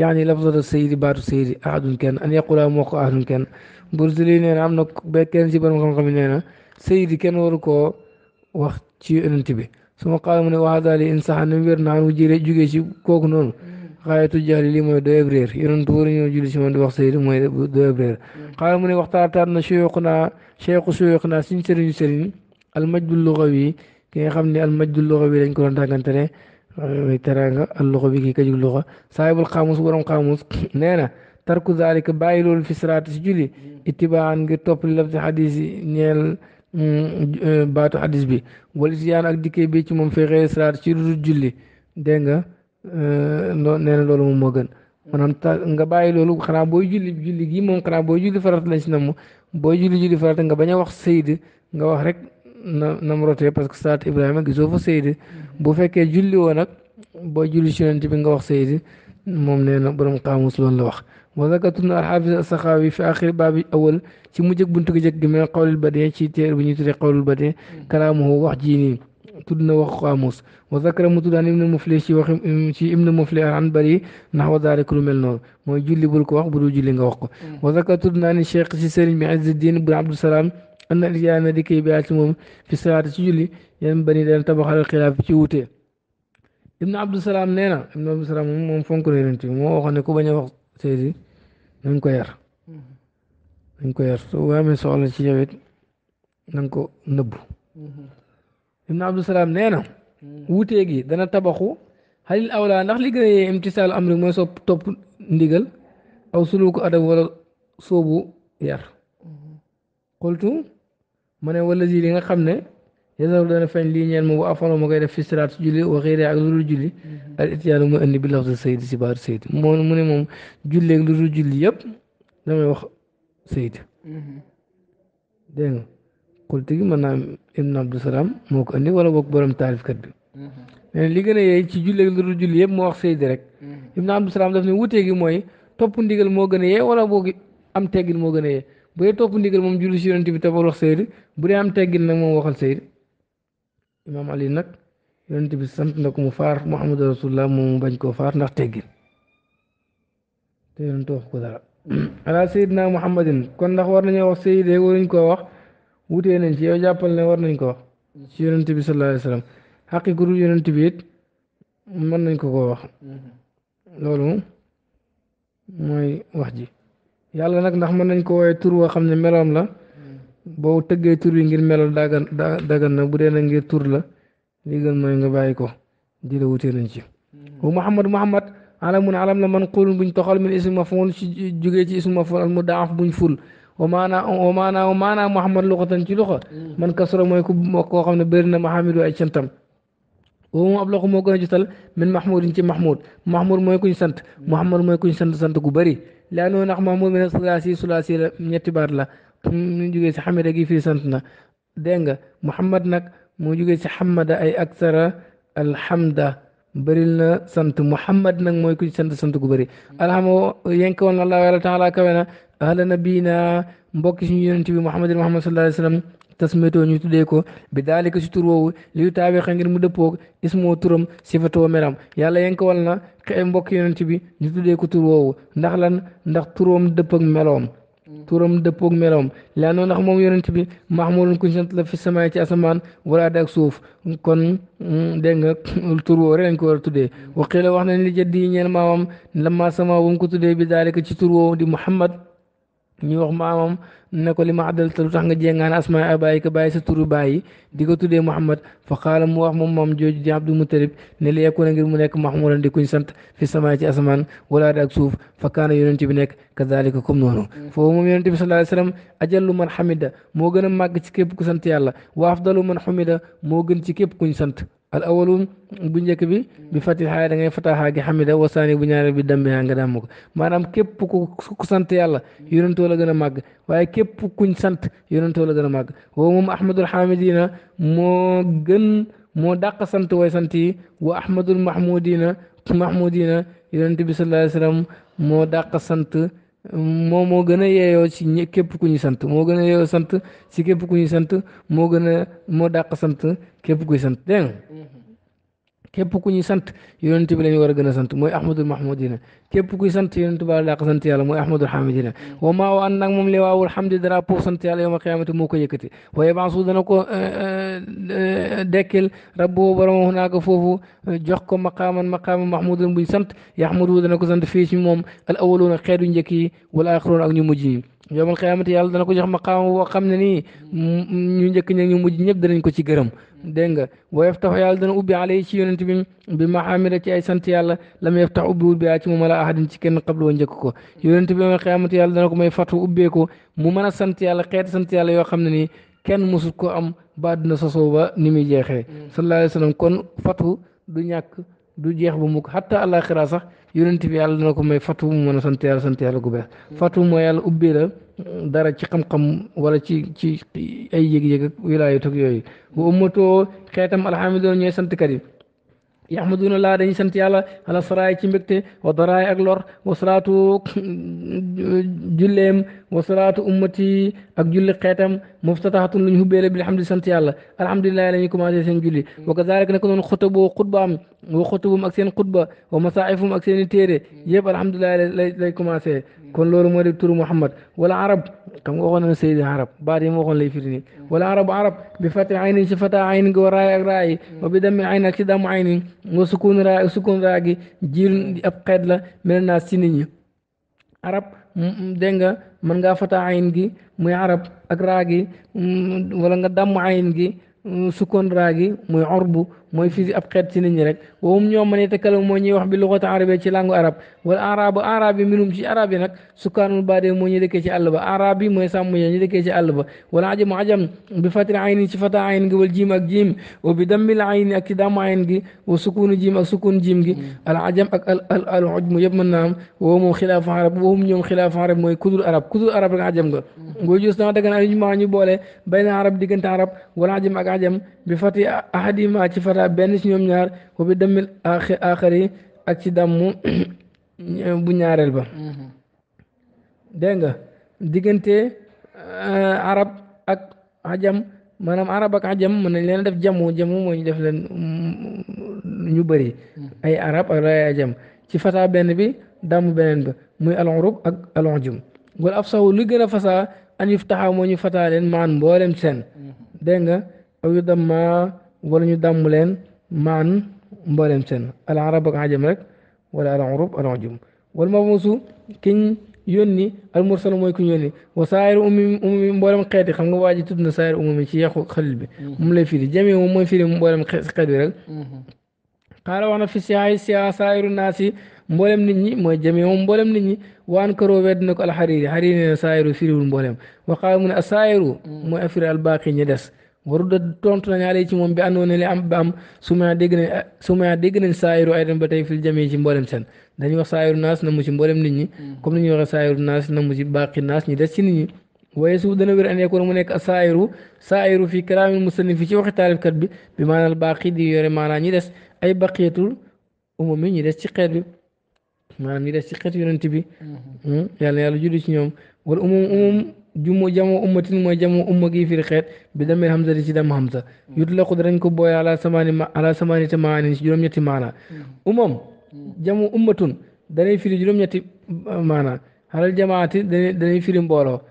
يعني لفظ السيد بارو سيد احد كان ان يقول موك احد كان برزيلي نين امنا بكين سي بروم خم خم نين سيد كان وركو واخ سي يونتي بي suma qaala mu ne waxaa in sax na wér naan wu jëlee jugee ci kooku noonu xaayatu jaali lii mooy doyab réer yonent war ñoo julli si man di wax sayid mooy doyab réer qaala mu ne waxtaataat na suyuqnaa cheikhu suyuqnaa suñ sëriñu sëriñ almajdu luxawi ki nga xam ne almajdu luxawi lañ ko doon tàggantale teranga al luxawi kii kajug luxa saahibul xaamus borom xaamus nee na tarku zaalika bàyyi loolu fi siraat si julli ittibaan ngir Euh, euh, baatu xadis bi wala si yaan ak dikkee bi ci moom feexee salaat ci lu julli dégg nga euh, loo nee na loolu moom moo gën maanaam ta nga bàyyi loolu xanaa booy julli julli gii moom xanaa booy julli farata lañ si namm booy julli julli farata nga bañ a wax sayd nga wax rek na nam rotee parce que salaat Ibrahima gisoo fa sayd bu fekkee julli woo nag boo julli si yonent bi nga wax sayd moom nee na borom xaamus loolu la wax. وذكرتنا الحافظ السخاوي في آخر باب الأول في مجد بنت جك من قول البدين في تير بن يتري قول البدين كلامه وحجيني تدنا وخاموس وذكر متدان ابن مفلي شي وخ شي ابن مفلي عن بري نحو ذلك المل نور موي جولي بولك واخ بودو جولي nga wax ko وذكر شيخ سي سيرن معز الدين بن عبد السلام ان الجامع ديكي بيات موم في صلاه سي جولي يم بني دال تبخ الخلاف في ووتي ابن عبد السلام نينا ابن عبد السلام موم فونكو ريرنتي مو واخني كو باني وقت séesi nañ ko yar nañ ko yar soo amee soxla ci yow it ko nëbbu ibnu abdou salaam nee na wutee gi dana tabaxu xalil awla ndax li gën a yee imtisaalu amri mooy sopp topp ndigal aw suluku adab wala soobu yar xultu ma ne wala ji li nga xam ne yéen dana feeñ lii ñeen moom bu koy def fistiraat si julli wa xëy ak lu dul julli al ityaanu muy indi bi lafz sayid si baatu sayid moom mu ne moom julleeg lu dul julli yëpp damay wax sayid dégg nga kulti gi mën moo ko indi wala boog borom taalifkat bi li gën a yey ci julleeg lu dul yëpp moo wax sayid rek ibn abdou daf ne wutee gi mooy topp ndigal moo gën a yee wala boog am teggin moo gën a yee bu dee topp ndigal moom julli si yonent bi te wax sayid bu dee am teggin nag moom waxal sayid imaam ali nag yonent bi sant na ko mu faar muhammad rasulullah moom mu bañ koo faar ndax teggin te yonent wax ko dara ala sayidna muhammadin kon ndax war nañoo wax sayidee waruñ koo wax wutee nañ ci yow jàppal ne war nañ ko wax ci yonent bi sallallahu alayhi wa sallam xaqi mën nañ ko koo wax loolu mooy wax ji yàlla nag ndax mën nañ ko wooye tur woo xam ne meloom la boo tëggee tur bi ngir melo dagan dagan na bu dee na ngir tur la li gën mooy nga bàyyi ko di la wutee nañ ci mm-hmm. wa muhammad muhammad alamun alam la man qulun buñ toxal min ismu maf'ul ci jógee ci ismu maf'ul al mudaaf buñ ful wa maanaa wa maanaa wa maanaa muhammad luxatan ci luxa mm-hmm. man kasra mooy ku koo ne bëri na mahamidu ay cantam woo moom ab loxo moo a jotal min ci mahmud mahmud mooy kuñ sant mm-hmm. muhammad mooy kuñ sant sant ku bëri laa noo nax mahmud min sulaasi sulaasi la ñetti baat la mu jugee si xamida gi fii sant na dégg nga muhammad nag mu jugee si xamada ay aksara alhamda bëril na sant muhammad nag mooy ku sant sant gu bëri alhama yenk na allah yàlla taala kawe na ahla nabina mbokki suñu yonent bi muhammadin muhammad sallallahu alayhi wa sallam tasmetoo ñu tuddee ko bi daalika si tur woowu liyu taaweexa ngir mu dëppoog ismoo turam sifatoo meram yàlla yenk wal na mbokki yonent bi ñu tuddee ko tur woowu ndax lan ndax turóom dëpp ak meloom turam dëppoog melawam laanoo ndax moom yonent bi mahmudun kuñ sant la fi samaay ci asamaan walaade ak suuf kon mm, dégg nga tur woo rek lañ ko wa a tuddee waqila wax nañ li jëddi yi ñeen maamam lamma sama bu mu ko tuddee bi daalika ci tur di muhammad ñu wax maamam ne ko li ma àddal te tax nga jéngaan asmaa bàyyi ka bàyyi sa turu bàyyi di ko tuddee Muhammad fa xaala mu wax moom maam jooju di mu Mutalib ne li yekkoon ngir mu nekk mahmudan di kuñ sant fi samaay ci asamaan wala ak suuf fa kaana ci bi nekk kazalika comme noonu foofu moom yonent bi sallallahu alayhi wasallam ajallu man hamida moo gën a màgg ci képp ku sant yàlla wa afdalu man hamida moo gën ci képp kuñ sant al awalu bu njëkk bi bi fatiha da ngay fataha gi xamida wasaani bu ñaareel bi dammiha nga dàmm ko maanaam képp ku sant yàlla yonentoo la gën a màgg waaye képp kuñ sant yonentoo la gën a màgg woo moom ahmadul hamidina moo gën moo dàq sant way sant yi wa ahmadul mahmudina mahmudina yonent bi sallallahu alayhi wasallam moo dàq sant moo moo gën a yeeyoo ci képp ku ñu sant moo gën a yeeyoo sant ci képp ku sant moo gën a moo dàq sant képp kuy sant dégg nga képp ku ñuy sant yonent bi lañu war gën a sant mooy ahmadul mahmudina képp kuy sant yonent bi la ko sant yàlla mooy ahmadul hamidina wa maa wa an nag moom li waawul hamdi dara pour sant yàlla yowma qiyamati moo ko yëkkati waaye bansu dana ko eh, eh, eh, dekkil rabbu borom hunaaka foofu jox ko maqaaman maqaaman mahmudan buñ sant yahmadu dana ko sant fii ci moom al awaluna xeetu njëkk yi wal axiruun ak ñu mujj yowmal qiyaamati yàlla dana ko jox xam ne nii ñu njëkk ña ñu mujj ñëpp danañ ko ci gërëm dégg nga wa yaftaxu yàlla dana ubbi alay ci yonent bi bi mahamida ci ay sant yàlla lam yaftax ubbi ubbi ci moom la ahadin ci kenn qablu njëkk ko yonent bi yowmal qiyaamati yàlla dana ko may fatu ubbeeku mu mën a sant yàlla xeeti sant yàlla yoo xam ne nii kenn mësul ko am ba na sosoo ba ni muy jeexee mm. sallallahu alayhi wa sallam kon fatu du ñàkk du jeex ba mukk hatta àllaaxira sax yonent bi yàlla dana ko may fatu mu mën a sant yàlla sant yàlla gu bees fatu mooy yàlla ubbi la dara ci xam-xam wala ci ci ay yëg-yëg ak wilaayat ak yooyu bu ummatoo xeetam alhamdulilah ñooy sant kat yi yaxmaduna laa dañuy sant yàlla ala saraay ci mbégte wa daraay ak lor wa salaatu julleem wa salaatu ummati ak julli xeetam muftatahatun lu ñu hubbeele bi alhamdi sant yàlla alhamdulilahi la ñuy commencé seen julli wa kazalik naka noonu xutabo xutbaam wa xutubum ak seen xutba wa masaifum ak seen i téere yëpp alhamdulilahi lay lay commencé kon loolu moo di turu Muhammad wala arab xam nga waxoon na Seydi arab baat yi ma waxoon lay firi nii wala arab arab bi fati aynin si fata aynin gi wa raay ak raay wa bi damm aynin ak la mel naa si ni ñi arab dégg nga mën ngaa fata ayn gi muy arab ak raa gi wala nga damm ayn gi sukun raa gi muy orbu mooy fi ab xeet ci nit ñi rek wowum ñoom mane te kalamu moo ñuy wax bi luxata arabe ci langue arab wala arabu arab minum ci arabe nak sukanul bade baade moo ñu dëkkee ci àll ba arab yi mooy sàmm ya ñu dëkkee ci àll ba wala ajam ajam bi fatil ayn ci fata ayn gi wal jim ak jim wa bi dammil ayn ak ci damm ayn gi wa sukunu jim ak sukun jim gi al ajam ak al al al ujmu yeb mën naam am wow moom xilaafu arab wowum ñoom xilaafu arab mooy kudul arab kudul arab ak ajam nga ngoo jus naa dagan ñu ma ñu boole bayna arab diggante arab wala ajam ak ajam bi fatil ahadima ci fata ahada benn ci ñoom ñaar wa bi dammil aaxari ak ci dammu bu ñaareel ba dégg nga arab ak ajam maanaam arab ak ajam mën nañ leen def jamu jamu moo def leen ñu bëri ay arab ak ay ajam ci fasaa benn bi damm beneen ba muy alxurub ak alxujum wala af sawu lu gën a an yuftaxa moo ñu leen maan mboolem seen dégg aw yu wala ñu dàmm leen maan mboolem seen al arab ak ajam rek wala al urub al ajum wal mabuusu kiñ yónni al mursal mooy kuñ yónni wa saayir ummi ummi mboolem xeeti xam nga waa ji tudd na saayir ummi ci yàqu xalil bi moom lay firi jami moom mooy firi mboolem xeet bi rek xaala wax na fi siyaay siyaa saayiru naasi mboolem nit ñi mooy jami moom mboolem nit ñi waan karoo wedd na ko al xariri xariri ne saayiru firiwul mboolem wa xaala mu ne saayiru mooy afiri al baaqi ñi des waru da tontu nañ ale ci moom bi àndoon ne am ba am suma dégg nañ suma dégg nañ saayiru ay dem ba tey fil jamee ci mboolem seen dañuy wax saayiru naas na mu ci mboolem nit ñi mm. comme ni ñuy waxee saayiru naas na ci baaqi naas ñi des ci nit ñi waaye suuf dana wér aneko mu nekk saayiru saayiru fii kalaamil musannif fi ci waxi taalifkat bi bi maanaal baaqi di yore maanaa ñi des ay baqiyatul umami ñi des ci xeet bi maanaam ñi des ci xeet yonent bi mm-hmm. hmm, yàlla yàlla julli ci ñoom jumo jamo ummatin moy jamo umma gi fi xet bi damel hamza di ci dam hamza yutlaqu dañ ko boy ala samani ala samani te maani ci juróom-ñetti maana umam jamo ummatun fi firi juróom-ñetti maana halal jamaati fi firi mbolo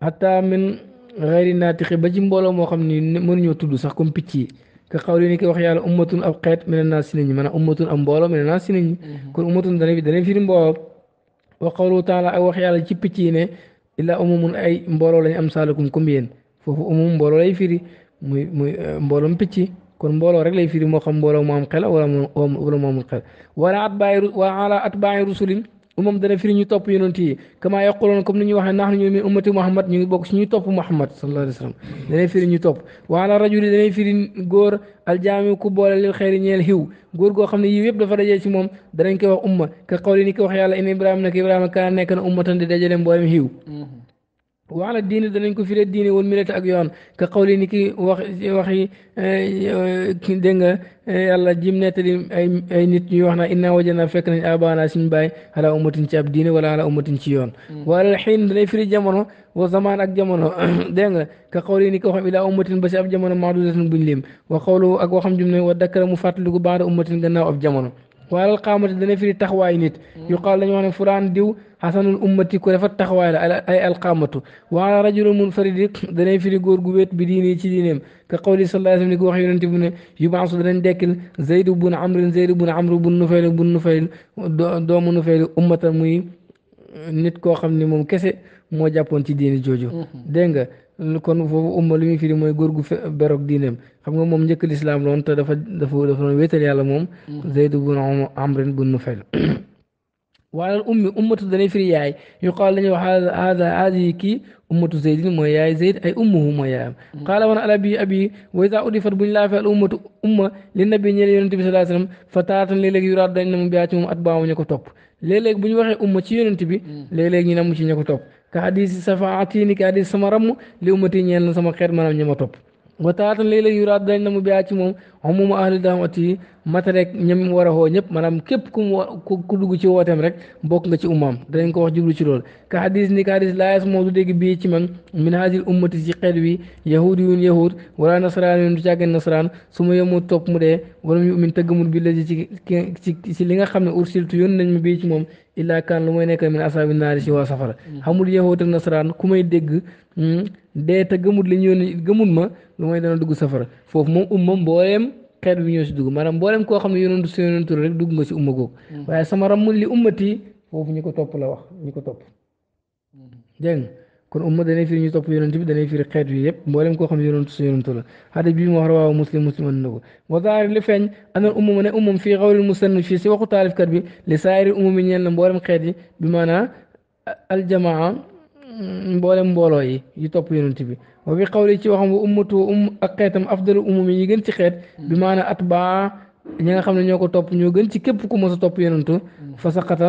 hatta min ghayri natiqi ba ci mbolo mo xamni ni ñu tuddu sax comme picci ka xawli ni ki wax yàlla ummatun ab xeet min naa si ñi maanaam ummatun am mbooloo min naa si ñi kon ummatun dañ fi firi mbooloo wa qawlu taala wax yàlla ci picc ne illaa umumun ay mbooloo lañ am saalakum comme yéen foofu umum mbooloo lay firi muy muy mbooloom picc kon mbooloo rek lay firi moo xam mbooloo mu am xel wala mu wala mu amul xel wala atbaay wala atbaay rusulim moom dana firi ñu top yonenti kama yaqulun kum ni ñu waxe naax nañu min ummati muhammad ñu bok bokk si ñuy muhammad sallallahu alayhi wa sallam danay firi ñu topp waala rajuli danay firi al jami ku bolal lil khair ñeel hiw gor go xamne ne yeb dafa dajé ci mom dana ngi wax umma ka xawli ni ko wax yàlla in ibrahim nak ibrahim ka nek na ummatan di dajale mbolam hiw وعلى الدين اذا نكون في الدين والملة اكيون كقولي نكي وخي وخي آه، آه، دنگا يلا آه، جيمنا تلي اي اي نيت ني وخنا ان وجنا فكنا ابانا سن باي على امه تشاب دين ولا على امه تشي يون ولا الحين دني في الجمره وزمان اك جمره دنگا كقولي نكي وخم الى امه بس اب جمره ما دوت بن ليم وقولو اك وخم جيمنا وذكر مفاتلو بعد امه غناو اب جمره ولا القامه دني في تخواي نيت يقال لني فلان ديو xasanul ummati ku rafet taxawaay la ay alqaamatu waala rajulun munfaridi danay firi góor gu wéet bi diini ci diineem ka qawli sallallahu alayhi wasallam ni ko wax yonente bu ne yubaasu danañ dekkil zaydu bun amrin zaydu bun amru bun nufayl bun nufayl doomu nufayl ummatan muy nit koo xam ne moom kese moo jàppoon ci diini jooju mm-hmm. dégg nga kon foofu umma muy firi mooy góor gu beroog diineem xam nga moom njëkk lislaam loon dafa dafa dafa doon wéetal yàlla moom mm-hmm. zaydu bun amrin bun nufayl waalal ummi ummatu danay firi yaay yu qaal dañuy wax hada haadihi kii ummatu zeydin mooy yaay zeyd ay ummuhu mooy yaayam mm. qaala wan ala bi abi wa ida udifat bu ñu ummatu umma li nabi ñeel yonente bi salaa sallam fa taatan léeg-léeg yuraat dañ ne mu biyaa ci moom at baamu ñu ko topp léeg-léeg bu waxee umma ci yonente bi mm. léeg-léeg ñu ne mu ci ñu ko topp ka hadis safaatini ka hadis sama ramm li ummati ñeel na sama xeet ma topp wa taatan léeg-léeg yuraat xamumu ahli daawati mat rek ñam war a xoo ñëpp maanaam képp ku mu ku dugg ci wooteem rek bokk nga ci ummaam danañ ko wax jublu ci lool ka ni ka hadis laas moo dégg bii ci man min hasil ummati ci xeet wi yahudi yun yahud wala nasaraan yun du càggeen nasaraan su ma yemut topp mu dee wala mu min tëggamul bi la ci ci li nga xam ne ursiltu yoon nañ ma bii ci moom illaa kaan lu may nekk min asaabi naari si waa safara mm. xamul yahud ak nasaraan ku may dégg mm, dee te gëmut li ma lu may dugg safara foofu moom umma mbooleem xeet bi ñoo si dugg maanaam mbooleem koo xam ne yonentu si yonentu rek dugg nga si umma googu hmm. waaye sama ramul li ummati foofu ñu ko topp la wax ñu ko topp hmm. dégg kon umma danay firi ñu topp yonent bi danay firi xeet wi yëpp mboolem koo xam ne yonentu sa yonentu la xadis bi mu wax rawaaw muslim muslim an na ko wa zaahir li feeñ anal umma ne ummam fii xawlil musannif fii si waxu taalifkat bi li saayiri umma mi ñeel na mboolem xeet yi bi maanaa aljamaa mboolem mbooloo yi yu topp yonent bi wa bi xawli ci waxam wa ummatu um ak xeetam afdalu umum yi gën ci xeet bi maana baa ñi nga xam ne ñoo ko topp ñoo gën ci képp ku mos a topp yonantu fa saqata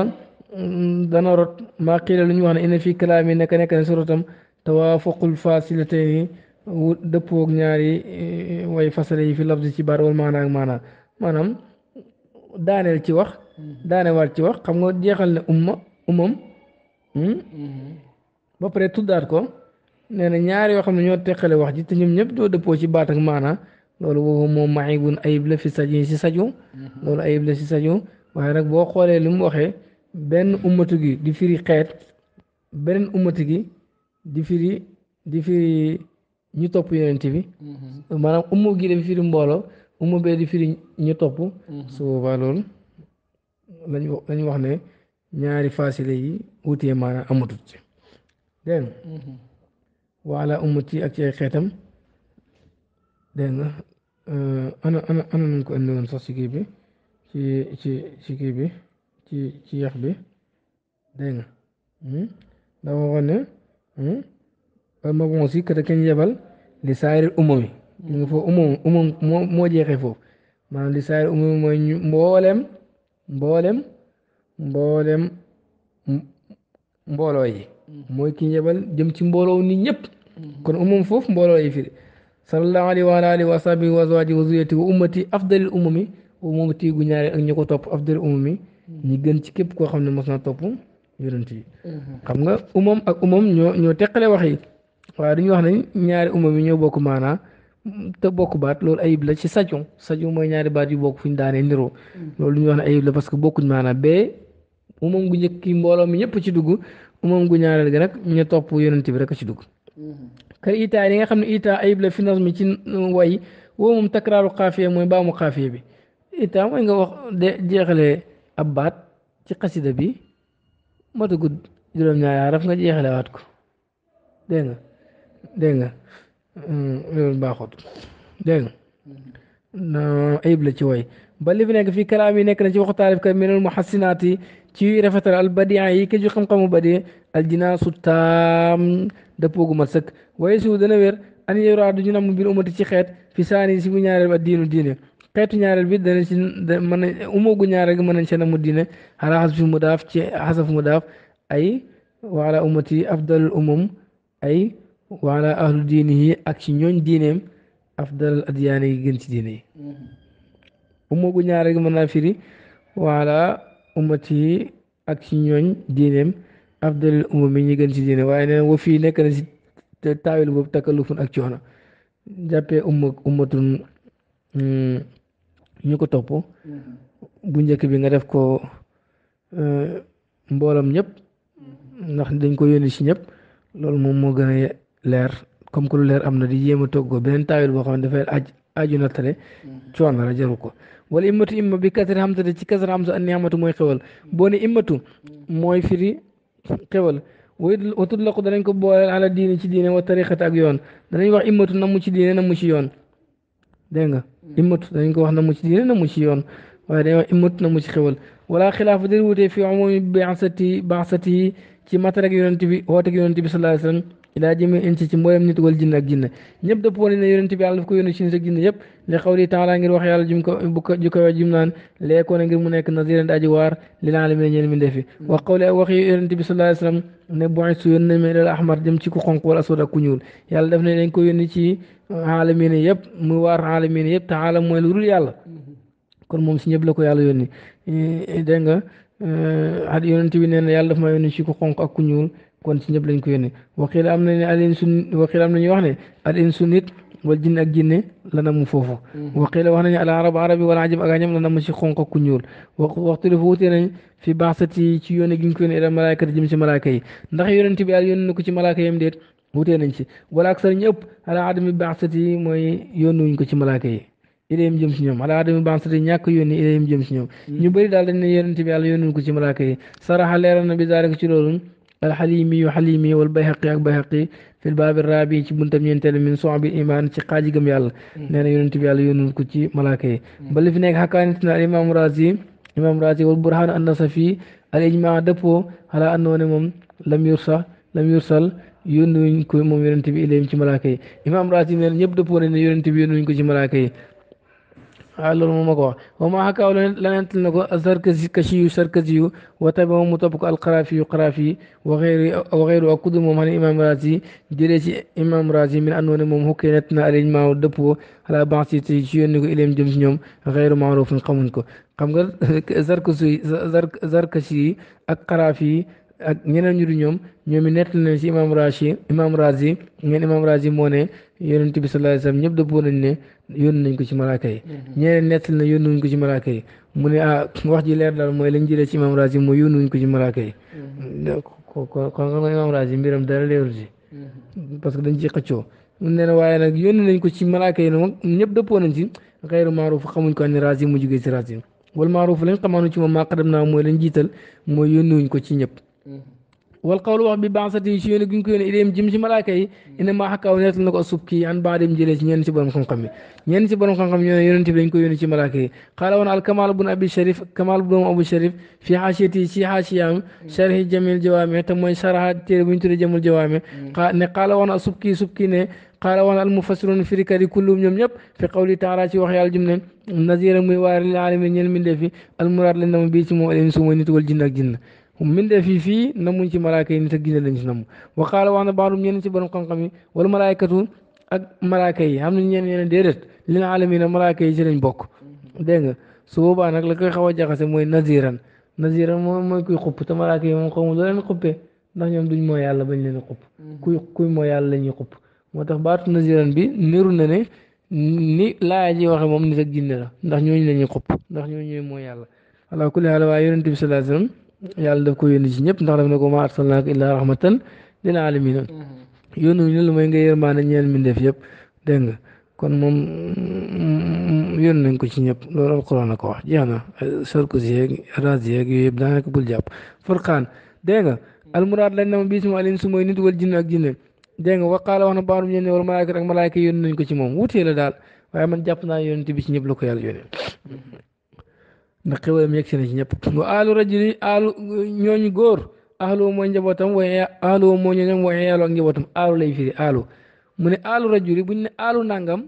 dana rot maa xiila lu ñu wax ne ina fii kalaam yi nekk nekk ne sorotam tawaafuqul fasilatayn wu dëppoog ñaari e, way fasale yi fi lafzi ci baat wal maana ak maana maanaam daaneel ci wax daane daanewaat ci wax xam nga jeexal ne umma umam hmm? mm-hmm. ba pare tuddaat ko nee na ñaar yoo xam ne ñoo teqale wax ji te ñoom ñëpp doo dëppoo ci baat maana loolu woowu moom maayibun ayib la fi saji si sajo mm-hmm. loolu ayib la si sajo waaye nag boo xoolee li mu waxe benn ummatu gi di firi xeet beneen ummatu gi di firi di firi ñu topp yonent bi mm-hmm. maanaam umma gi di firi mbooloo umma bee di firi ñu topp mm-hmm. su boobaa loolu lañ lañ wax ne ñaari faasile yi wutee maanaam amatut dégg waala ummati ak ci ay xeetam dégg nga euh, ana ana ana ci kii bi ci ci ci kii bi ci ci bi nga hmm? da waxoon ne wal hmm? ma bon si kata kañ yebal li saayir umami li nga foofu umam umam moo foofu maanaam li saayir umami mooy ñu mboolem mboolem mboolem mbooloo yi Mm-hmm. mooy ki yebal jëm ci mbooloo nit ñëpp mm-hmm. kon umam foofu mbooloo lay fi sallallahu alayhi wa alihi wa sahbihi wa azwaji wa zuriyati wa ummati afdalil umami wa ummati ak ñu ko topp afdalil umami mm-hmm. ñi gën ci képp koo xam ne mos naa topp yonent yi xam nga umam ak umam ñoo ñoo teqale wax yi waaye duñu wax ne ñaari umam yi ñoo bokk maanaa te bokk baat loolu ayib la ci sajon sajon mooy ñaari baat yu bokk fu ñu daanee niroo loolu lu ñuy wax ne ayib la parce que bokkuñ maanaam ba umam gu njëkk ki mbooloo mi ñëpp ci dugg moom gu ñaareel gi nag ñu topp yonenti bi rek ci dugg kër ita yi nga xam ne itaa ayib la fi nazmi ci way woo moom takraaru xaafiya mooy baamu xaafiya bi ita mooy nga wax de jeexalee ab baat ci xasida bi gud juróom-ñaari raf nga jeexale waat ko dégg nga dégg nga loolu baaxut dégg nga ayib la ci way ba li fi nekk fii kalaam yi nekk na ci waxu taalif ka minal muhassinaati ci rafetal al badian yi ki ju xam-xamu badi al jinaasu taam dëppoo sëkk waaye si dana wér an yoraadu ñu namm biir umati ci xeet fi saani si bu ñaareel bi ak diinu diine xeetu ñaareel bi dana ci mën a umoogu ñaareel gi mën nañ ci namu diine ala xasaf ay waala ahlu diini ak ci ñooñ diineem afdalul adiyaane yi gën ci diine yi mm-hmm. umoogu ñaareel gi waala ummati yi ak ci ñooñ diineem afdalil umam mi ñi gën ci diine waaye neen wa fii nekk na ci taawil boobu takalufun ak coono jàppee umma ummatun mm, ñu ko topp mm-hmm. bu njëkk bi nga def ko euh, mboolam ñëpp mm-hmm. ndax dañ ko yónni ci ñëpp loolu moom moo gën a leer comme que lu leer am na di jéem a ko beneen taawil boo xam ne dafay aj aju nattale mm-hmm. coono la ko wala immatu imma bi kasar hamza ci kasar hamza an niamatu moy xewal bo ne immatu moy firi xewal way wa tutlaqu dañ ko boole ala diine ci diine wa tariqat ak yoon dañ wax immatu namu ci diine namu ci yoon de nga immatu dañ ko wax namu ci diine namu ci yoon waaye dañ wax immatu namu ci xewal wala khilafu dir wutee fi umumi bi'asati ba'asati ci matar ak yonent bi woote ak bi sallallahu alayhi wasallam ilaa jëmi insi ci mboolem nit wal jinn ak jinne ñëpp dëppoo ne yonent bi yàlla daf ko yónni ci nit ak jinne yëpp li xawli taala ngir wax yàlla jum ko bu ko ju ko jum naan leekoo na ngir mu nekk naziran aji waar li laa lamine ñeen mi ndefi mm-hmm. wax xawli wax yonent bi sallallahu alayhi wasallam ne bon su yónni nañ ma ilal ahmar jëm ci ku xonq wala aswad ak ku ñuul yàlla daf ne dañ ko yónni ci aalamine yëpp mu waar aalamine yëpp te aalam mooy lu dul yàlla mm-hmm. kon moom si ñëpp la ko yàlla yónni eh, dégg nga eh, at yonent bi nee na yàlla daf ma yónni ci ku xonq ak ku ñuul kon ci ñëpp lañ ko yónnee waqil am na ne al insu waqil am na ñuy wax ne nit wal jinn ak jinne la foofu hmm. waqil wax nañu al arab arabi wala ajab ak añam la namu ci xonq ku ñuul waxtu dafa wutee nañ fi baaxsati ci yónne gi ñu ko yónnee ila malaaka jëm ci malaaka yi ndax yonent bi yàlla yónne ko ci malaaka yam déet wutee nañ ci wala ak sar ñëpp ala adami baaxsati mooy yónnuwuñ ko ci malaaka yi ilayhim jëm ci ñoom ala adami baaxsati ñàkk yónni ilayhim jëm ci ñoom hmm. ñu bëri daal dañ ne yonent bi yàlla yónnuñ ko ci malaaka yi saraxa alxalimi yu xalimi wal bayxaqi ak bayxaqi fil baabi raabi ci buntam ñeenteel min soxbi iman ci xaaji gëm yàlla nee na yonent bi yàlla yónnul ko ci malaaka yi ba li fi nekk xakkaanit na imam razi imam razi wal burhaan an nasafi al ijmaa dëppoo xalaa andoo ne moom lam yursa lam yursal yónnuñ ko moom yonent bi ilayhim ci malaaka yi imam razi nee na ñëpp dëppoo ne ne yonent bi yónnuñ ko ci malaaka yi حالهم مغوا وما حكى لن ينتل كشي كشيو سركزيو وتبعه مطبق القرافي قرافي وغير وغير أقدم من امام رازي جريج إمام رازي من انو نمم هو كانتنا ما دبو على بعض تيجيو نقول إليهم نيوم غير معروف قمنكو xam nga zarkasi zarkasi ak xaraaf ñeneen ñu du ñoom ñoom i nett nañ imam rashi imam razi ngeen imam razi moo ne yonent bi ñëpp dëppoo nañ ne yónn nañ ko ci malaaka yi mm-hmm. ñeneen nettal na yónn nañ ko ci malaaka yi mu ne ah wax ji leer daal mooy lañ jëlee ci imam Razi mooy yónn nañ ko ci malaaka yi mm-hmm. kon kon imam Razi mbiram dara ci mm-hmm. parce que dañ ci mu ne waaye nag yónn nañ ko ci malaaka yi ñëpp dëppoo nañ ci xayru maaruf xamuñ ko ne Razi mu jugee si Razi wal maaruf lañ xamaanu ci moom maa xadam naa mooy lañ jiital mooy yónn nañ ko ci ñëpp wal xawlu wax bi bansati si yónni guñ ko yónni ileem jëm si malaaka yi ina maa xakkaaw neetal na ko asubki an baadim jëlee si ñenn si borom xam-xam yi ñenn si borom xam-xam ñoo ne yonent bi dañ ko ci malaaka yi xaala woon al kamal bun abi sharif kamal bu doomu abu sharif fii xaasiyati si xaasiyaam sharhi jamil jawaame te mooy saraha téere bu ñu tuddee jamul jawaame ne xaala woon asubki subki ne xaala woon al mufassirun firikat yi kullum ñoom ñëpp fi qawli taala ci wax yàlla jum ne nazira muy waar lil alamin ñeel من ده في في نمون شيء ملاك ينتقين لنا نش نمو وقال وانا بارم ينتقي برم كان كمي والملائكة تون أك ملاك أي هم نيجي نيجي ديرت لين عالمين الملاك أي جلنا بوك دينغ سو با أنا كل كي خواجة خس مو نزيرا نزيرا مو مو كوي خوب تما ملاك أي مو خوب مدر أنا خوبه ده يوم دنيا مايا الله بيني أنا خوب كوي كوي مايا الله يني خوب ما تخبرت نزيرا بي نيرو نني ni laa ji waxe moom ni sa ginn la ndax ñooñu la ñuy xupp ndax ñooñu ñooy mooy yàlla alors kulli yàlla daf ko yónni ci ñëpp ndax daf na ko maa ma arsalnaaka illaa rahmatan lil aalamiin yónni ñu lu may nga yërmaane ñeel mbindeef yëpp dégg nga kon moom yónni nañ ko ci ñëpp loolu alquran a ko wax jeex na Sarkozy yeeg Razi yeeg yooyu yëpp daanaka bul jàpp Furqaan dégg nga almuraad lañ na bii suma alin su mooy nit wal jinne ak jinne dégg nga waqaala wax na baarum ñeen wala malaayka ak malaayka yónni nañ ko ci moom wutee la daal waaye man jàpp naa yónni bi ci ñëpp la ko yàlla yónni ndax xéwalam yegg si na ci ñëpp wa aalu rajuli aalu ñooñu góor aalu mooy njabootam waaye aalu mooy ñooñam waaye yàlla ak njabootam aalu lay firi aalu mu ne aalu rajuli buñ ne aalu nangam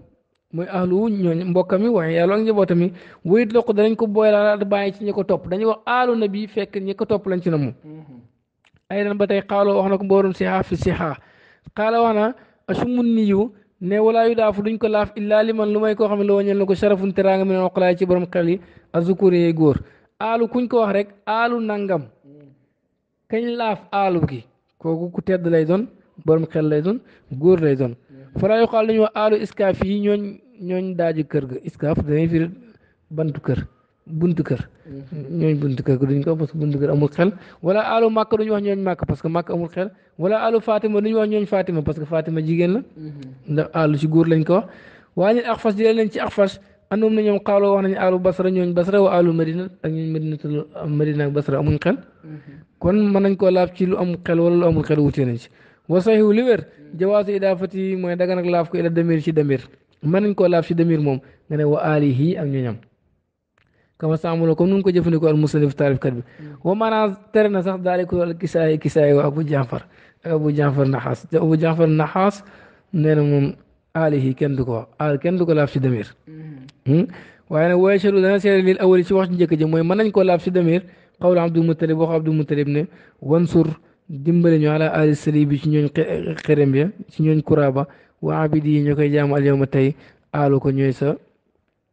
mooy aalu ñooñ mbokkam yi waaye yàlla ak njabootam yi wayit loq ko boylaat bàyyi ci ñi ko topp dañuy wax aalu na bi fekk ñi ko topp lañ ci namu ay dan ba tey xaaloo wax na ko mboorum siha fi siha xaala wax na asumun niyu ne walaa yu daafu duñ ko laaf illaa liman lu may koo xam ne la wañeel na ko sharafun teraanga mi ne oqalaay ci borom xel yi azukuri yey góor aalu kuñ ko wax rek aalu nangam kañ laaf aalu gi kooku ku tedd lay doon borom xel lay doon góor lay doon fala yu xaal dañu wax aalu iskaaf yi ñooñ ñooñ daaji kër ga iskaaf dañuy firi bantu kër buntu kër ñooñ buntu kër duñ ko parce que buntu kër amul xel wala alu màkk duñu wax ñooñ màkk parce que màkk amul xel wala alu fatima duñu wax ñooñ fatima parce que fatima jigéen la mhm. ndax alu ci góor lañ ko wax waaye ñun axfas jëlee nañ ci axfas andoom na ñoom xaaloo wax nañ alu basra ñooñ basra wa alu madina ak ñooñ madinatul madina ak basra amuñ xel mhm. kon mën nañ koo laab ci lu am xel wala lu amul xel wutee nañ ci wa saxihu li wér mhm. jawaasu idaafati mooy dagan ak laaf ko ila damir ci damir mën nañ koo laab moom nga ne wa alihi ak kamastamalo comme nu ngi ko jëfandikoo al musannif taarifkat bi wa maanaam tere na sax daaliku al kisaay kisaay wa abu janfar ak abu janfar naxaas te abu janfar naxaas nee na moom aalihi kenn du ko wax aal kenn du ko laaf ci damir waaye nag waaye chadu dana seere lil awali ci wax ci njëkk ji mooy mën nañ koo laaf ci damir xawla abdul mutalib wax abdul mutalib ne wansur dimbale ñu ala ali sali bi ci ñooñ xerem ya ci ñooñ kuraaba wa abidi yi ñoo koy jaamu al yowma tey aalu ko ñooy sa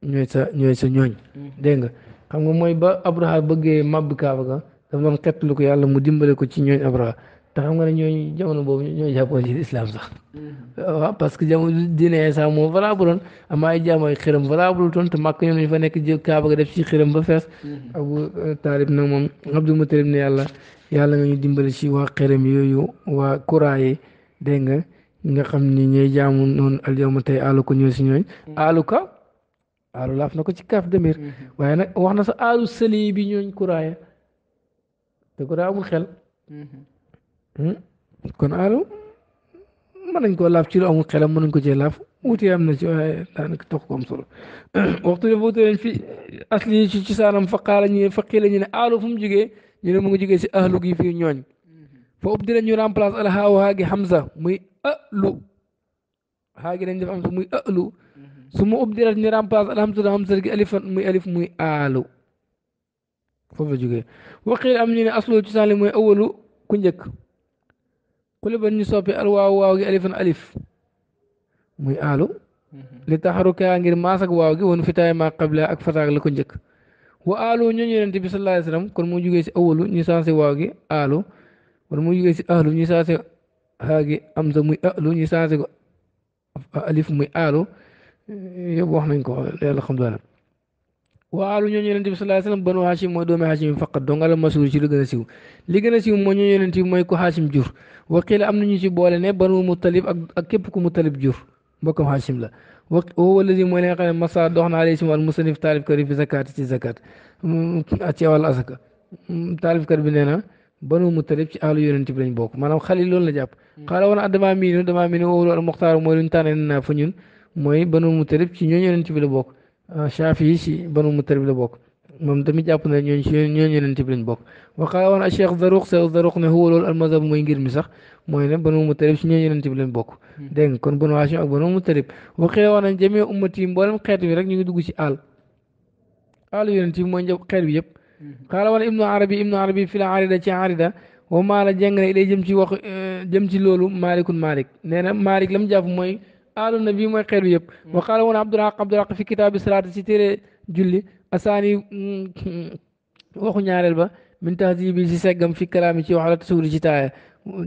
ñooy sa ñooy sa ñooñ mm-hmm. dégg nga xam nga mooy ba Abraha bëggee màbb Kaaba ga dafa doon xettlu ko yàlla mu dimbale ko ci ñooñ Abraha te xam nga ne ñooñu jamono boobu ñoo jàppoon ci islam sax mm-hmm. waaw parce que jamono diine sax moo valable woon am ay jaam ay xiram valable toon te màkk fa nekk jël kaaba ga def ci xiram ba fees mm-hmm. abu uh, taalib na moom abdul mutalib ne yàlla yàlla nga ñu dimbali ci waa xiram yooyu waa kuraa yi dégg nga nga xam ni ñooy jaamu noonu al tey aluka ñoo si ñooñ aluka aalu laaf na ko ci kaaf demir mhm. waaye nag wax na sa aalu sëli bi ñooñ kuraaya te ko daa amul xel mhm. hmm? kon aalu mën nañ koo laaf ci lu amul xelam mën nañ ko cee laaf wuute am na ci waaye daanaka tax ko am solo waxtu dafa wute leen fi asli ci ci saanam fa qaala ñu fa qiila ñu ne aalu fu mu jógee ñu ne mu ngi jógee si ahlu gi fii ñooñ mhm. fa ubdila ñu remplace al xaawu xaagi hamza muy ahlu xaagi dañ def am muy ahlu su ma ubdilat ñu remplace alhamdulilah hamsat gi alifan muy alif muy aalu foofu la jógee waqiil am ñu ne aslu ci sànli mooy awalu ku njëkk kuli ban ñu soppi al waaw waaw gi alifan alif muy aalu mhm. li taxarukaa ngir maas ak waaw gi woon fitaay maa qabla ak fataak la ko njëkk wa aalu ñooñu yonente bi sallallahu alayhi wasallam kon mu jógee si awalu ñu saase waaw gi aalu kon mu jógee si ahlu ñu saase haa gi amza muy ahlu ñu saase alif muy aalu يبو وخمن كو يلا الحمد لله وقالوا ني نيلنتي صلى الله عليه وسلم بنو هاشم مو دومي هاشم فقط دونغ لا مسور سي لغنا سيو لي غنا سيو مو ني نيلنتي موي كو هاشم جور وقيل امنا ني سي بوله ني بنو مطلب اك كيب كو مطلب جور مكم هاشم لا وقت هو الذي مولى قال مسا دوخنا عليه اسم المصنف طالب كريم في زكاه تي زكاه اتي وال ازك طالب كريم نينا بنو مطلب سي ال يونتي بلا نبوك مانام خليل لون لا جاب قال وانا ادما مينو دما مينو المختار مولين تاننا فنيون moy banu mutarib ci ñooñu yonent bi la bok shafi ci banu mutarib la bok mom tamit jàpp na ñoo ci ñooñu yonent bi lañ bok wa qaala woon Cheikh Zaruq sa Zaruq ne huwa al madhab moy ngir mi sax moy ne banu mutarib ci ñooñu yonent bi lañ bok dégg kon banu Haashim ak banu mutarib wa qiila woon nañ jamee ummat yi mboolem rek ñu ngi dugg ci al al yonent bi moy njab xeet bi yëpp qaala woon ibnu arabi ibnu arabi fi la arida ci arida wa maala jeng na ilay jëm ci wax jëm ci loolu malikun malik nee na malik lam jàpp mooy aalu nabi mooy xeetu yëpp wa qaala woon abdulhaq abdulhaq fi kitaabi salaat si téere julli asaani waxu ñaareel ba min tahzib yi si seggam fi kalaami ci wax la tasawuri ci taaya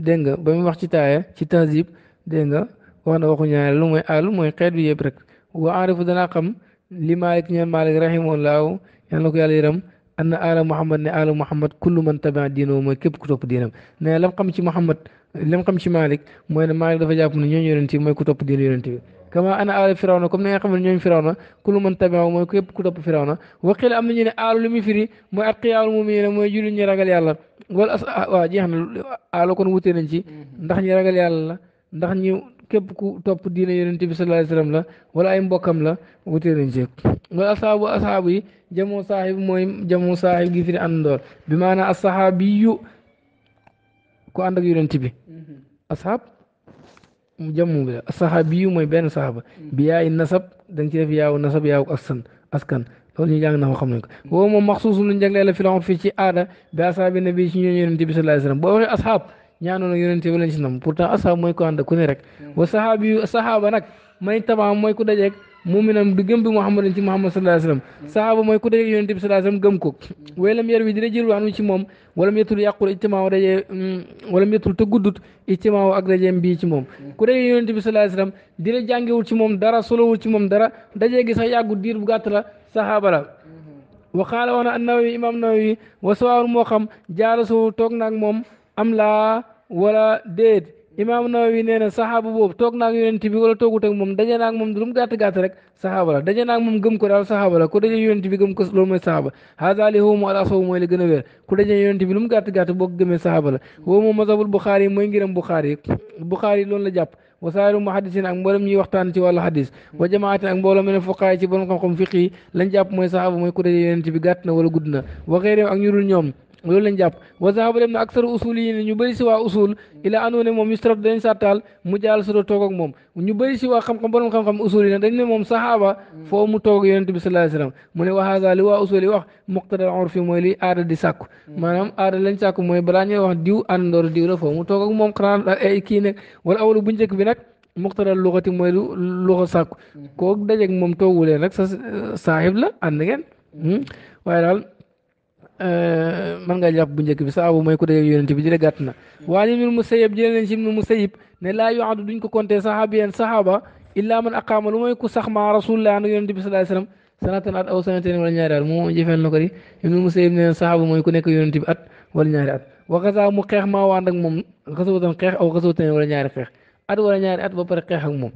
dégg nga ba mu wax ci taaya ci tahzib dégg nga wax na waxu ñaareel lu mooy aalu mooy xeetu yëpp rek wa aarifu danaa xam li maalik ñeen maalik rahimahullahu yal na ko yàlla yëram anna aala muhammad ne aala muhammad kullu man tabia diinahu mooy képp ku topp diinam ne lam xam ci muhammad li mu xam ci Malick mooy ne Malick dafa jàpp na ñooñu yonent bi mooy ku topp diine yonent bi kama ana aala firawna comme ni nga xam ne ñooñu firawna ku lu mën tabia mooy képp ku topp firawna waqil am nañu ne aalu li muy firi mooy atqiyaa'ul mu'miniina mooy ragal yàlla wala as ah, waaw jeex na aalu kon wutee nañ ci ndax ñi ragal yàlla la ndax ñi képp ku topp diine yonent bi sallallahu alayhi wasallam la wala ay mbokkam la wutee nañ ci wala asaabu asaabu yi jamoo saahib mooy jamoo saahib gi firi àndoor bi maanaam asaabiyu ku ànd ak yonent bi asxaab mu jàmm bi la saxaabiyu mooy benn saxaaba hmm. bi yaay nasab da nga ci nasab yaaw askan askan loolu ñu jàng na ko xam nañ ko boobu moom maxsuus lu ñu jagleel la filan fii ci aada bi asxaabi nabi ci ñooñu yonente bi sallallahu alayhi wasallam boo waxee asxaab ñaanoon ak yonente nam pourtant asxaab mooy ko ànd ku ne rek hmm. wa saxaabiyu saxaaba nag may tabaam mooy ku dajeeg muminam du gëm bi muhammadin ci muhammad sallallahu alayhi wasallam sahaaba mooy ku dajeeg yonente bi sallallahu alayhi wasallam ko ko walam yar wi dina jël waanu ci moom walam yetul yàqul ijtimaaw dajee mm, walam yetul te guddut ijtimaaw ak dajeem bii ci moom ku dajeeg yonente bi sallallahu alayhi wasallam dina jàngewul ci moom dara solowul ci moom dara dajee gisa yàggu diir bu gàtt la sahaaba la wa qaala wax na an-Nawawi imaam Nawawi wa sawaawul moo xam soo toog naag moom am laa wala déet imaam Nawawi nee na saxaaba boobu toog naag yonent bi wala toogut ak moom daje naag moom lu mu gàtt gàtt rek saxaaba la daje naag moom gëm ko daal saxaaba la ku daje yonent bi gëm ko loolu mooy saxaaba haada li huwa mu al asaw mooy li gën a wér ku daje yonent bi lu mu gàtt boo ko gëmee la woo moom mazhabul Buxaari mooy ngiram Buxaari Buxaari loolu la jàpp wasaayiru muhaddisin ak mboolem ñuy waxtaan ci wàllu hadis wa jamaatin ak mboolem mene fuqaay ci borom xam-xam fiq yi mooy saxaaba mooy ku daje bi gàtt na wala gudd na wa xëy ak ñu ñoom loolu lañ jàpp wa zahaba dem na aksaru usul yi ne ñu bëri si waa usul ila anoo ne moom yustaraf dañ sàttaal mu jaal su toog moom ñu bëri si waa xam-xam borom xam-xam usul yi ne dañ ne moom saxaaba foo mu toog ak yonent bi sallallahu alayhi wasallam mu ne wa waa usul yi wax muqtada urfi mooy li aada di sàkku maanaam aada lañ wax diw àndandoor diw la foo mu toog ak moom xanaa ay kii nag wala awalu bu njëkk bi nag muqtadal luxati mooy lu luxa sàkku koo dajeeg moom toogwulee nag sa saaxib la ànd ngeen hmm? man nga jàpp bu njëkk bi sahaaba mooy ku dajeeg yonent bi di la gàtt na waa ibnul musayib jëlee nañ ci ibnul musayib ne laa yuadu duñ ko compté sahabiyan sahaba illa man aqaama lu mooy ku sax maa rasulullah ak yonent bi sallallahu alayhi wasallam sanatan at aw sanateen wala ñaari at moo jëfeel na ko di ibnul musayib ne sahaba mooy ku nekk yonent bi at wala ñaari at wa xasa mu xeex maa waa ànd ak moom xasawatan xeex aw xasawatan wala ñaari xeex at wala ñaari at ba pare xeex ak moom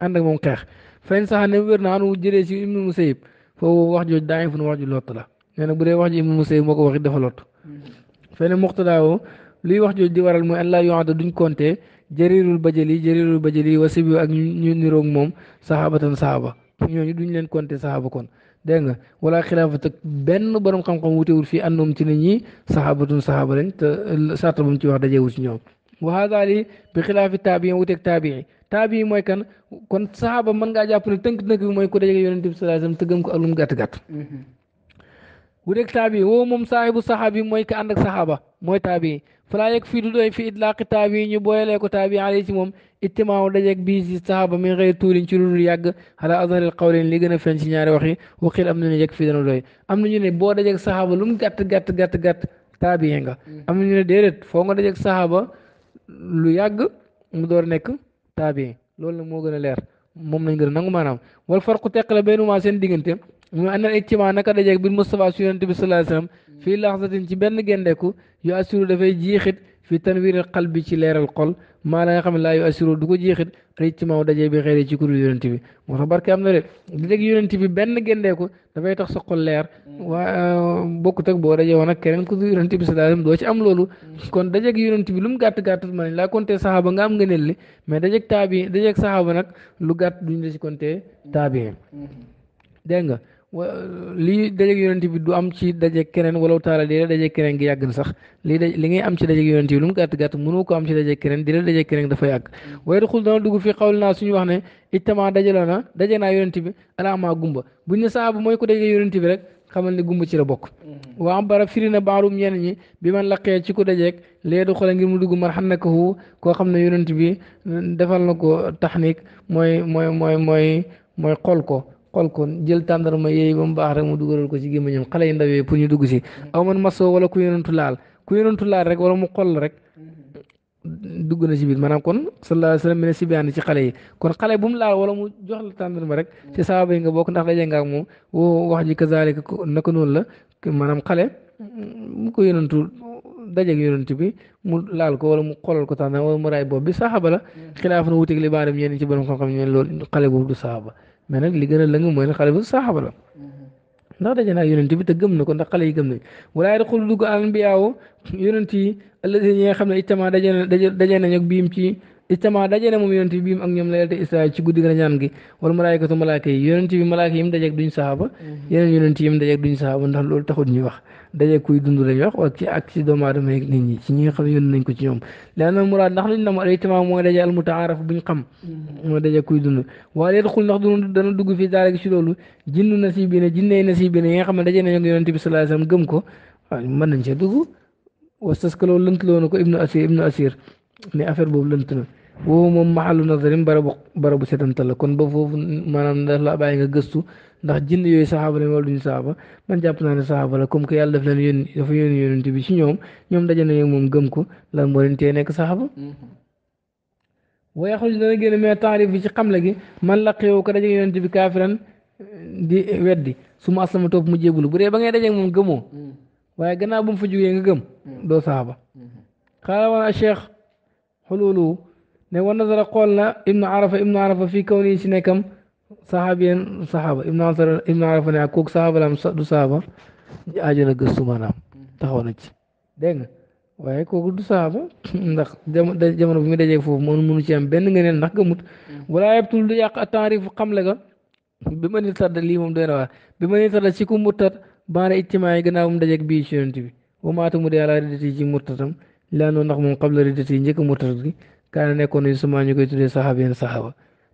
ànd ak moom xeex fayn sax ne wér na anu jëlee ci ibnul musayib foofu wax jooju daa wax ju lott la nee na bu dee wax ji Ibnu Musayyib moo ko wax it dafa lot fene muqtadaawo luy wax jooju di waral mooy an laa yoxada duñ compter jëriirul bajali jëriirul bajali wa sibi ak ñu niroog moom saxaabatan saxaaba ñooñu duñ leen compter saxaaba kon dégg nga wala xilaafat ak benn borom xam-xam wutewul fii àndoom ci ne ñi saxaabatun saxaaba lañ te sart ba mu ci wax dajewul ci ñoom wa haada li bi xilaafi taabiin wuteeg taabii taabii mooy kan kon saxaaba man ngaa jàpp ne tënk-tënk bi mooy ku dajeeg yonent bi ko ak lu bu dee taabi woo moom saahibu saxaabi mooy ka ànd ak saxaaba mooy taabi falaa yeg fii du doy fi itlaaqi taabi ñu booyalee ko taabi alay si moom ijtimaaw dajeeg bii si saxaaba min xëy tuulin ci lu dul yàgg ala azharil qawlin li gën a feeñ ci ñaari wax yi waqil am na ñu ne yeg fii dana doy am na ñu ne boo dajeeg saxaaba lu mu gàtt gàtt gàtt gàtt taabi nga mm. am ne déedéet foo nga dajeeg saxaaba lu yàgg mu door nekk taabi loolu nag moo gën a leer moom nañ gën a nangu maanaam wal farqu teq la benn maa seen diggante mu anal ictimaa naka dajeeg bi Moustapha su yonente bi sallallahu alayhi wa sallam fii laxsatin ci benn gendeku yu assiru dafay jiixit fi tanwiiril qalbi ci leeral xol maa la nga xam ne laa yu assiru du ko jiixit ictimaa dajee bi xëy ci kuréel yonente bi moo tax barke am na de dajeeg yonente bi benn gendeku dafay tax sa xol leer waa euh, bokkut ak boo dajee woon ak keneen ku dul yonente bi sallallahu alayhi wa sallam doo ci am loolu kon dajeeg yonente bi lu mu gàtt gàtt ma ne laa compter saxaaba nga am ngëneel li mais dajeeg taabi dajeeg saxaaba nag lu gàtt duñ la ci compter taabi mm-hmm. dégg nga lii dajeeg yonent bi du am ci dajeeg keneen wala taala di la dajeeg keneen gi yàgg na sax lii da li ngay am ci dajeeg yonent bi lu mu gàtt gàtt mënoo ko am ci dajeeg keneen di la dajeeg keneen dafa yàgg mm. waaye xul dana dugg fi xawli naa suñu wax ne ijtama dajale na daje naa yonent bi alaamaa gumba bu ne saaba mooy ko dajeeg yonent bi rek xamal ne gumba ci la bokk mm. waa bara firi na baarum ñenn ñi bi man laqee ci ko dajeeg lee du xoole ngir mu dugg man xam na ko koo xam ne yonent bi mm, defal na ko taxnik mooy mooy mooy mooy mooy xol ko xool kon jël tàndarma yooyu ba mu baax rek mu dugalal ko ci gémmiñam xale yi ndawee pour ñu dugg si aw man masoo wala ku yonentu laal ku yonentu laal rek wala mu xoll rek dugg na ci biir maanaam kon sallallahu alayhi wa sallam si xale yi kon xale bu mu wala mu jox la tàndarma rek ci yi nga bokk ndax daje nga ak moom woo wax ji kazaalika naka noonu la maanaam xale mu ko yonentu dajeeg bi mu laal ko wala mu xoolal ko tàndarma wala mu raay bopp bi saxaaba la xilaaf na wuteeg li baaram ñenn ci borom xam-xam ñeen loolu xale boobu du saaba mais nag li a lëng mooy ne xale bu saxaaba la mm-hmm. ndax daje naa yonent bi te gëm na ko ndax xale yi gëm nañ walaa yadxulu dugg anbiyaaw yonent yi alladi ñi nga xam ne ijtama daje na daje nañ ak biim ci ijtama daje na moom yonent bi biim ak ñoom laylata israa ci guddi gën a ñaan gi wala malaayikatu malaaka yi yonent bi malaaka yi mu dajeeg duñ saxaaba mm-hmm. yeneen yonent yi mu dajeeg duñ saxaaba ndax loolu taxut ñuy wax daje kuy dund la wax ak ci ak ci doom aadama yeeg nit ñi ci ñi xam yoon nañ ko ci ñoom na murad ndax liñ la mu aleytimaa mo daje al mutaaraf buñ xam mo daje kuy dund waaye leet xul ndax dund dana dugg fi daara gi ci lolu jinnu nasib bi ne jinney nasib ne nga xam daje nañu yoon tibbi sallallahu alayhi wasallam gëm ko man nañ ci dugg wastas que loolu lënt loonu ko ibnu asir ibnu asir ni affaire bobu lënt na wo mom mahallu nazarim barabu barabu setantal la kon ba fofu manam daf la bàyyi nga gëstu ndax jinn yooyu saxaaba lañ wala duñu saxaaba man jàpp naa ne saxaaba la comme que yàlla daf leen yónni dafa yónni bi ci ñoom ñoom daje nañu moom gëm ko lan moo leen tee nekk saxaaba waaye xul dana génn mais taarif bi ci xamle gi man la xew ko daje yónent bi kaafiran di weddi su ma aslama topp mu jébulu bu dee ba ngay daje moom gëmoo waaye gannaaw ba mu fa jugee nga gëm doo saxaaba xaala wana cheikh xululu ne wa nazara xool na ibnu arafa ibnu arafa fii kaw nii si nekkam saxaab yéen saxaaba ibnu Asar ibnu Arafa ne ak kooku saxaaba la na gëstu maanaam mhm. taxaw na ci dégg nga waaye kooku du saxaaba ndax jamono bi mu dajee foofu moom mënu ci benn nga neen ndax gëmut mhm. wala yëpp tul du yàq taarif xam le ga bi ma ni tadda lii moom doy na waa bi ma ni tadda ci ku murtat baana ictimaa yi gannaaw mu dajeeg bii ci yonent bi wa maata mu dee àlaa riddati ci murtatam laa noonu ndax moom qabla riddati njëkk murtat gi kaana nekkoon nañu sumaa ñu koy tuddee saxaaba yéen saxaaba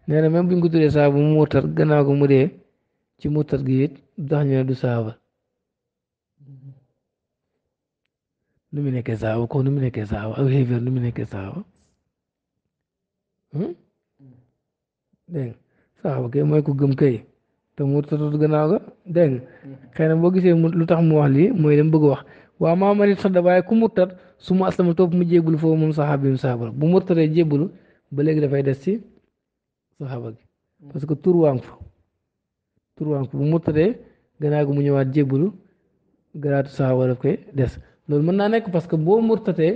nee na même bu ñu ko tuddee saaba mu murtat gannaaw ko mu dee ci murtat gi it tax ñu ne du saaba nu mu nekkee saaba ko nu mu nekkee saaba ak xéeféer nu mu nekkee saaba hmm? dégg saaba kay mooy ku gëm kay te murtatut gannaaw ga dégg xëy na boo gisee lu tax mu wax lii mooy dem bëgg wax waa maa ma nit sax da waaye ku murtat su mu aslama topp mu jébbul foofu moom saxaaba bi mu saaba bu murtatee jébbulu ba léegi dafay des ci saxaaba gi mm. parce que tur waa ngi fa tur waa ngi fa bu murtadee gannaaw gi mu ñëwaat jébbalu garaatu saxaaba daf koy des loolu mën naa nekk parce que boo murtatee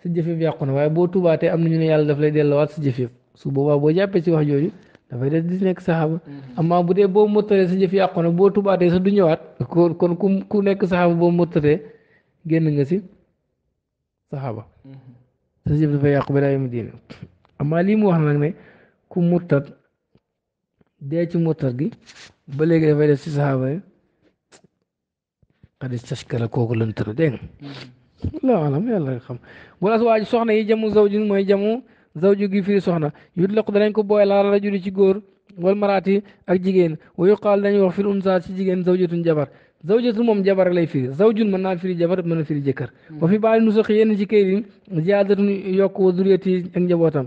sa jëf yëpp yàqu na waaye boo tubaatee am na ñu ne yàlla daf lay delluwaat sa jëf yëpp boo jàppee ci wax jooju dafay di nekk saxaaba mm-hmm. amaa bu dee boo murtatee sa jëf yàqu na boo tubaatee sa du ñëwaat kon kon ku nekk sa saxaaba boo murtatee génn nga si saxaaba mm-hmm. sa jëf dafay yàqu ba daay mu diine amaa lii mu wax nag ne ku murtat dee ci murtat gi ba léegi dafay def ci saxaaba yi xadis taskala kooku lënt na dégg nga mm-hmm. la alam yàlla xam wala waa ji soxna yi jamu zawjin mooy jamu zawju gi firi soxna yu laq danañ ko booy laal rajuli ci góor wal maraati ak jigéen wa yuqaal dañ wax fil unsa ci jigéen zawjatun jabar zawjatun moom jabar lay zawjun mën naa firi jabar mën na firi jëkkër mm-hmm. wa fi baali nusux yenn ci kayit yi ziyaadatun yokk wa duriyati ak njabootam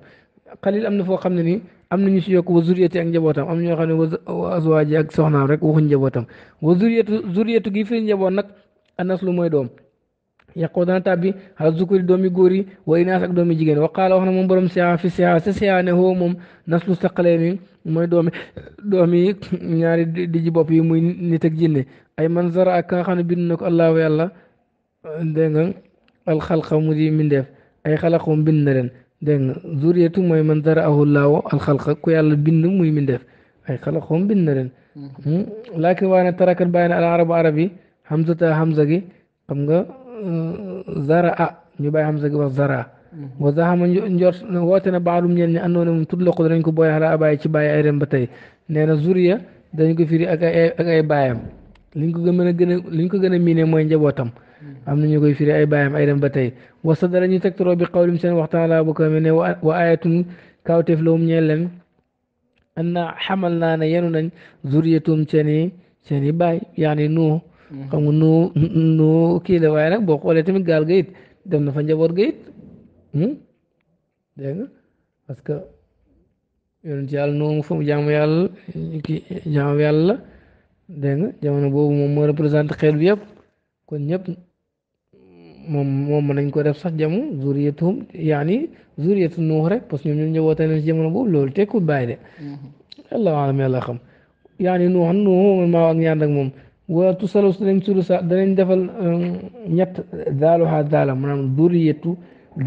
xalil am na foo xam ne nii am na ñu si yokk wa zuriyati ak njabootam am na xam ne wa azwaaji ak soxnaam rek waxuñ njabootam wa zuriyatu zuriyatu gi firi njaboot nag a lu mooy doom yàqoo dana tàbbi xal zukuri doomi góor yi wa inaas ak doomi jigéen wa qaala wax na moom borom siyaa fi siyaa sa siyaa ne hoo moom naslu saqalee ni mooy doomi doomi yi muy nit ak jinne ay man zara ak ka na ko allahu yàlla dégg nga ay xalaqum bind na leen dégg nga zuriyatu mooy man dara ahu laaw alxalqa ku yàlla bind muy mindeef ay xalaxoom bind na leen laakin waaye nag tarakat bàyyi al arab yi hamzata hamza gi xam nga zara a ñu bàyyi hamza gi wax zara wa zaxama njort woote na baalum ñeen ñi andoona moom tutlaqu danañ ko booy xala abaay ci bàyyi ay rem ba tey nee na zuriya dañ ko firi ak ay ak ay baayam liñ ko gën a gën a liñ ko gën a miine mooy njabootam Mm-hmm. am na ñu koy firi ay baayam ay dem ba tey wasa dara ñu tegtaloo bi xawlim seen waxtaan laa ko ne wa ayatun kawteef la wum ñeel leen an na xamal naa ne yenu nañ zuriyatum seen i seen i baay yaani nuu mm-hmm. xam nga nuu nuu kii la waaye boo xoolee tamit gaal ga it dem na fa njaboot ga it hmm? dégg que yonent yàlla nuu ngi fa mu jaamu yàlla kii nga jamono boobu moom moo représenté xeet bi kon ñëpp moom moom mën nañ ko def sax jamu zuriyatuhum yaani zuriyatu nuux rek parce que ñoom ñoom njaboot nañ si jamono boobu loolu tekkul bàyyi de allahu mm-hmm. alam yàlla xam yaani nuuxan nuux man maa ak ñaan ak moom wa tusalus su sulusa danañ defal um, ñett daaluha daala maanaam duriyatu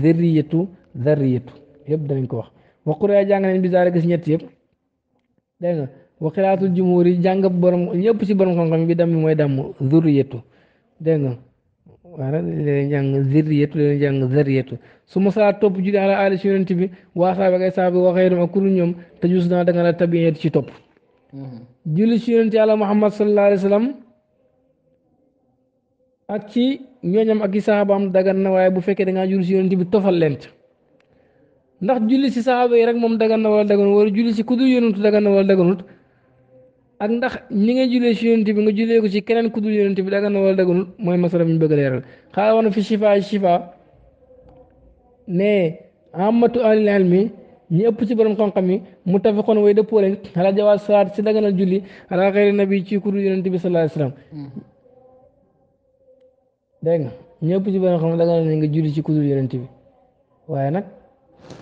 diriyatu dariyatu yëpp danañ ko wax wa qura jàng nañ gis ñett yëpp dégg nga wa qiraatul jumhur yi jàng borom ñëpp si borom xam-xam bi damm mooy damm duriyatu dégg nga waaye leen jàng zirriyatu leen jàng zariyatu su ma saa topp julli ala ali si yonent bi waa saaba ak saaba waxee dama ak ñoom te jus naa da la tabiyeet ci topp. Mm-hmm. julli si yonent yàlla Muhammad sallallahu alayhi wa sallam ak ci ñooñam ak dagan na waaye bu fekkee da ngaa julli si yonent bi tofal leen ci ndax julli si saaba yi rek moom dagan na wala daganut wala julli si ku dul dagan na wala daganut ak ndax ñi nga julee ci yonent bi nga julee ko ci keneen ku dul bi dagan na wala daganul mooy masala bi ñu bëgg a leeral xaaral woon fi shifa shifa ne amatu ahlil ilmi ñi ëpp ci borom xam-xam yi muttafiqoon way dëppoo lañ ala jawaaz salaat ci daganal julli ala xayri nabi ci ku dul yonent bi sallallahu alayhi wasallam dégg nga ñi ëpp ci borom xam daganal nañ nga julli ci ku dul bi waaye nag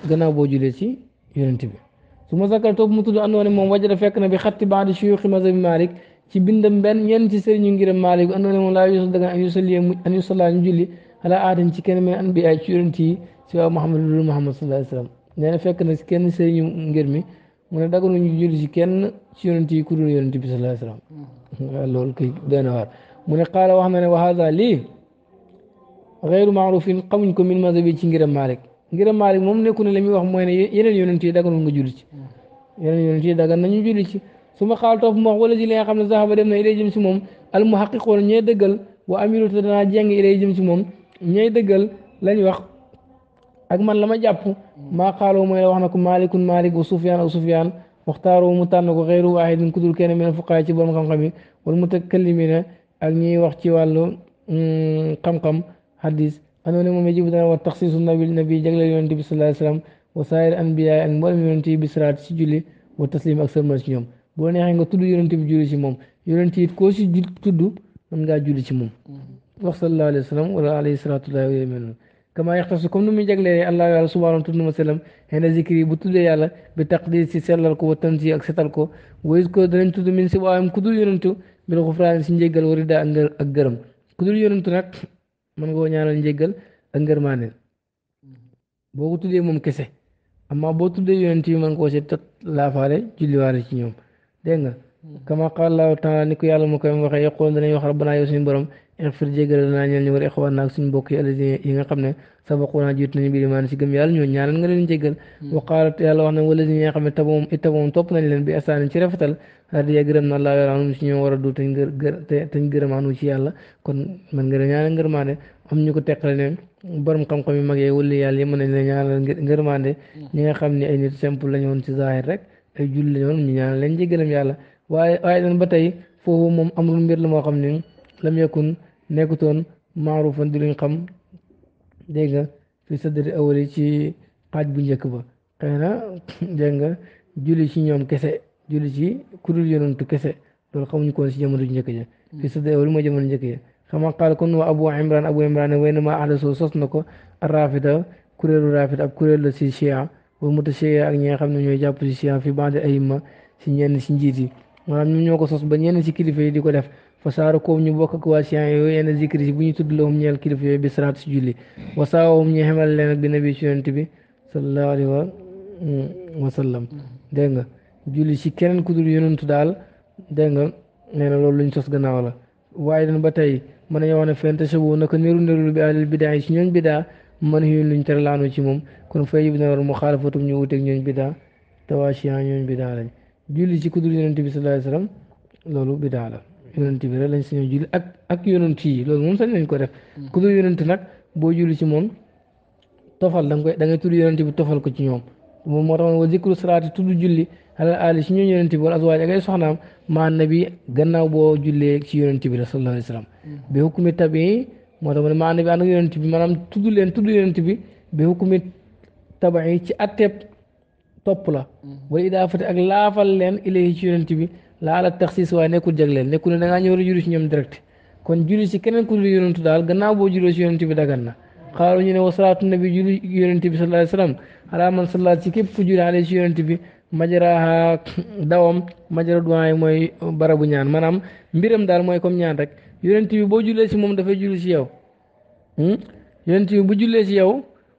gannaaw boo julee ci yonent bi ثم ذكر توب متدو انه من وجد فكنا بخط بعض شيوخ مذهب مالك في بندم بن ينت سيرن غير مالك انه لا يصدق ان يصلي ان يصلي ان يجلي على ادن تي كان من انبياء تشورنتي سوى محمد رسول محمد صلى الله عليه وسلم نانا فكنا كين سيرن غير مي من دغ نيو جولي سي كين تشورنتي كورن يونتي صلى الله عليه وسلم لول كي دنوار من قال وهمنا وهذا لي غير معروف قومكم من مذهب تشي غير مالك ngir Maalik moom nekku ne la muy wax mooy ne yeneen yonent yi daganul nga julli ci yeneen yonent yi dagan nañu julli ci su ma xaal topp mu wax wala si li nga xam ne saxaba dem na ilay jëm si moom al mu xaqiqoon ñooy dëggal wa amiru te danaa jeng ilay jëm si moom ñooy dëggal lañ wax ak man la ma jàpp maa xaaloo mooy la wax na ko maalikun maalik wa sufyaan ak sufyaan waxtaaroo mu tànn ko xeyru waahidin ku dul kenn mel fuqaay ci borom xam-xam yi wala mutakallimina ak ñiy wax ci wàllu mm, xam-xam hadis انا نمو مجيب دانا والتخصيص النبي النبي جغل يونتي صلى الله عليه وسلم وسائر انبياء ان مولم يونتي بسرات سجولي والتسليم اكثر من سيوم بوني حين قد تدو يونتي بجولي سيموم يونتي تكوشي جل تدو من قد جولي سيموم وقت صلى الله عليه وسلم وعلى عليه الصلاة والله ويمنون كما يختصكم نمو جغل الله يعلى سبحانه وتعالى وسلم هنا ذكري بطل يعلى بتقديس سيسر وتنسي اكثر لكو ويزكو درين تدو من سوائم كدو يونتو بالغفران سنجيغل ورداء اجرم كدو يونتو نك mën nga koo ñaanal njéggal ak ngërmaane boo ko tuddee moom kese amma boo tuddee yonent yi mën koo si tot laafaale julliwaale ci ñoom dégg nga hmm. kama qaala allahu taala ni ko yàlla mu koy waxee yaqoon danañ wax rabbanaa yow suñu borom ixfir jégal naa ñeel ñu war ixwaan naag suñ mbokk yi alladina yi nga yi nga xam ne taboom hmm. itaboom topp nañ leen bi asaanin ci a ci yàlla yu mag yi wala yàlla yi mën nañ la ñaanal ngërmaande hmm. ñi nga xam ne ay nit simple lañu woon leen jégalam yàlla waaye waaye dan ba tey foofu moom amul mbir la moo xam ne lam yakun nekkutoon maarufan di luñ xam dégg nga fi sadri awali ci xaaj bu njëkk ba xëy na dégg nga julli ci ñoom kese julli ci kudul yonantu kese loolu xamuñu koon si jamono ju njëkk ja hmm. fi kon wa abu imran abu imran way na ma ahdaso sos na ko rafida kuréelu rafida ab kuréel la si chia wala mutashia ak ñi nga xam ne ñooy jàpp si chia fi bandi ayima si ñenn si njiit yi maanaam ñoo ko sos ba ñenn si kilifa yi di ko def fasaaro koom ñu bokk ak waa siyan yooyu yenn zikri si bu ñu tudd lahum ñeel kilifa yooyu bi salaatu si julli wasaawahum ñu xemal leen bi nabi si yonent bi sallallahu alayhi wa mm, dégg nga julli si keneen ku dul yonentu daal dégg nga nee na loolu luñ sos gannaaw la waaye dan ba tey mën nañoo wax ne fen tashabu naka niru nirul bi ahlil bidaa yi si ñooñ bidaa man yun luñ tere laanu ci moom kon fay yib na war mu xaalifatum ñu wuteeg ñooñ bidaa te waa siyan ñooñ bidaa lañ julli si ku dul yonent bi sallallahu alayhi wa loolu bidaa la yonent bi rek lañ sañoo julli ak ak yonent yi loolu moom sañ nañ ko def hmm. ku dul nag boo julli ci moom tofal da nga da ngay tudd yonent bi tofal ko ci ñoom moom moo tax wa zikru salaati tudd julli alal aali si ñoom yonent bi wala azwaaj ak ay soxnaam maa nabi gannaaw boo jullee ci yonent bi la sallallahu alayhi wa sallam hmm. bi moo tax ma ne maa nabi ànd ak yonent bi maanaam tudd leen tudd yonent bi bi hukumi tabii ci atteeb topp la hmm. wala idaafati ak laafal leen ilayhi ci bi laa ala taxsis waaye nekkul jagleel nekkul ne da ngaa ñëw a julli si ñoom direct kon julli si keneen ku dul yonentu daal gannaaw boo jullee si yonentu bi dagan na xaaru ñu ne wa salaatu nabi julli yonentu bi sallallahu alayhi wa sallam alaa man salaat si képp ku julli alayhi si yonentu bi majaraha dawam majara duwaay mooy barabu ñaan maanaam mbiram daal mooy comme ñaan rek yonentu bi boo jullee si moom dafay julli si yow hmm? yonentu bi bu jullee si yow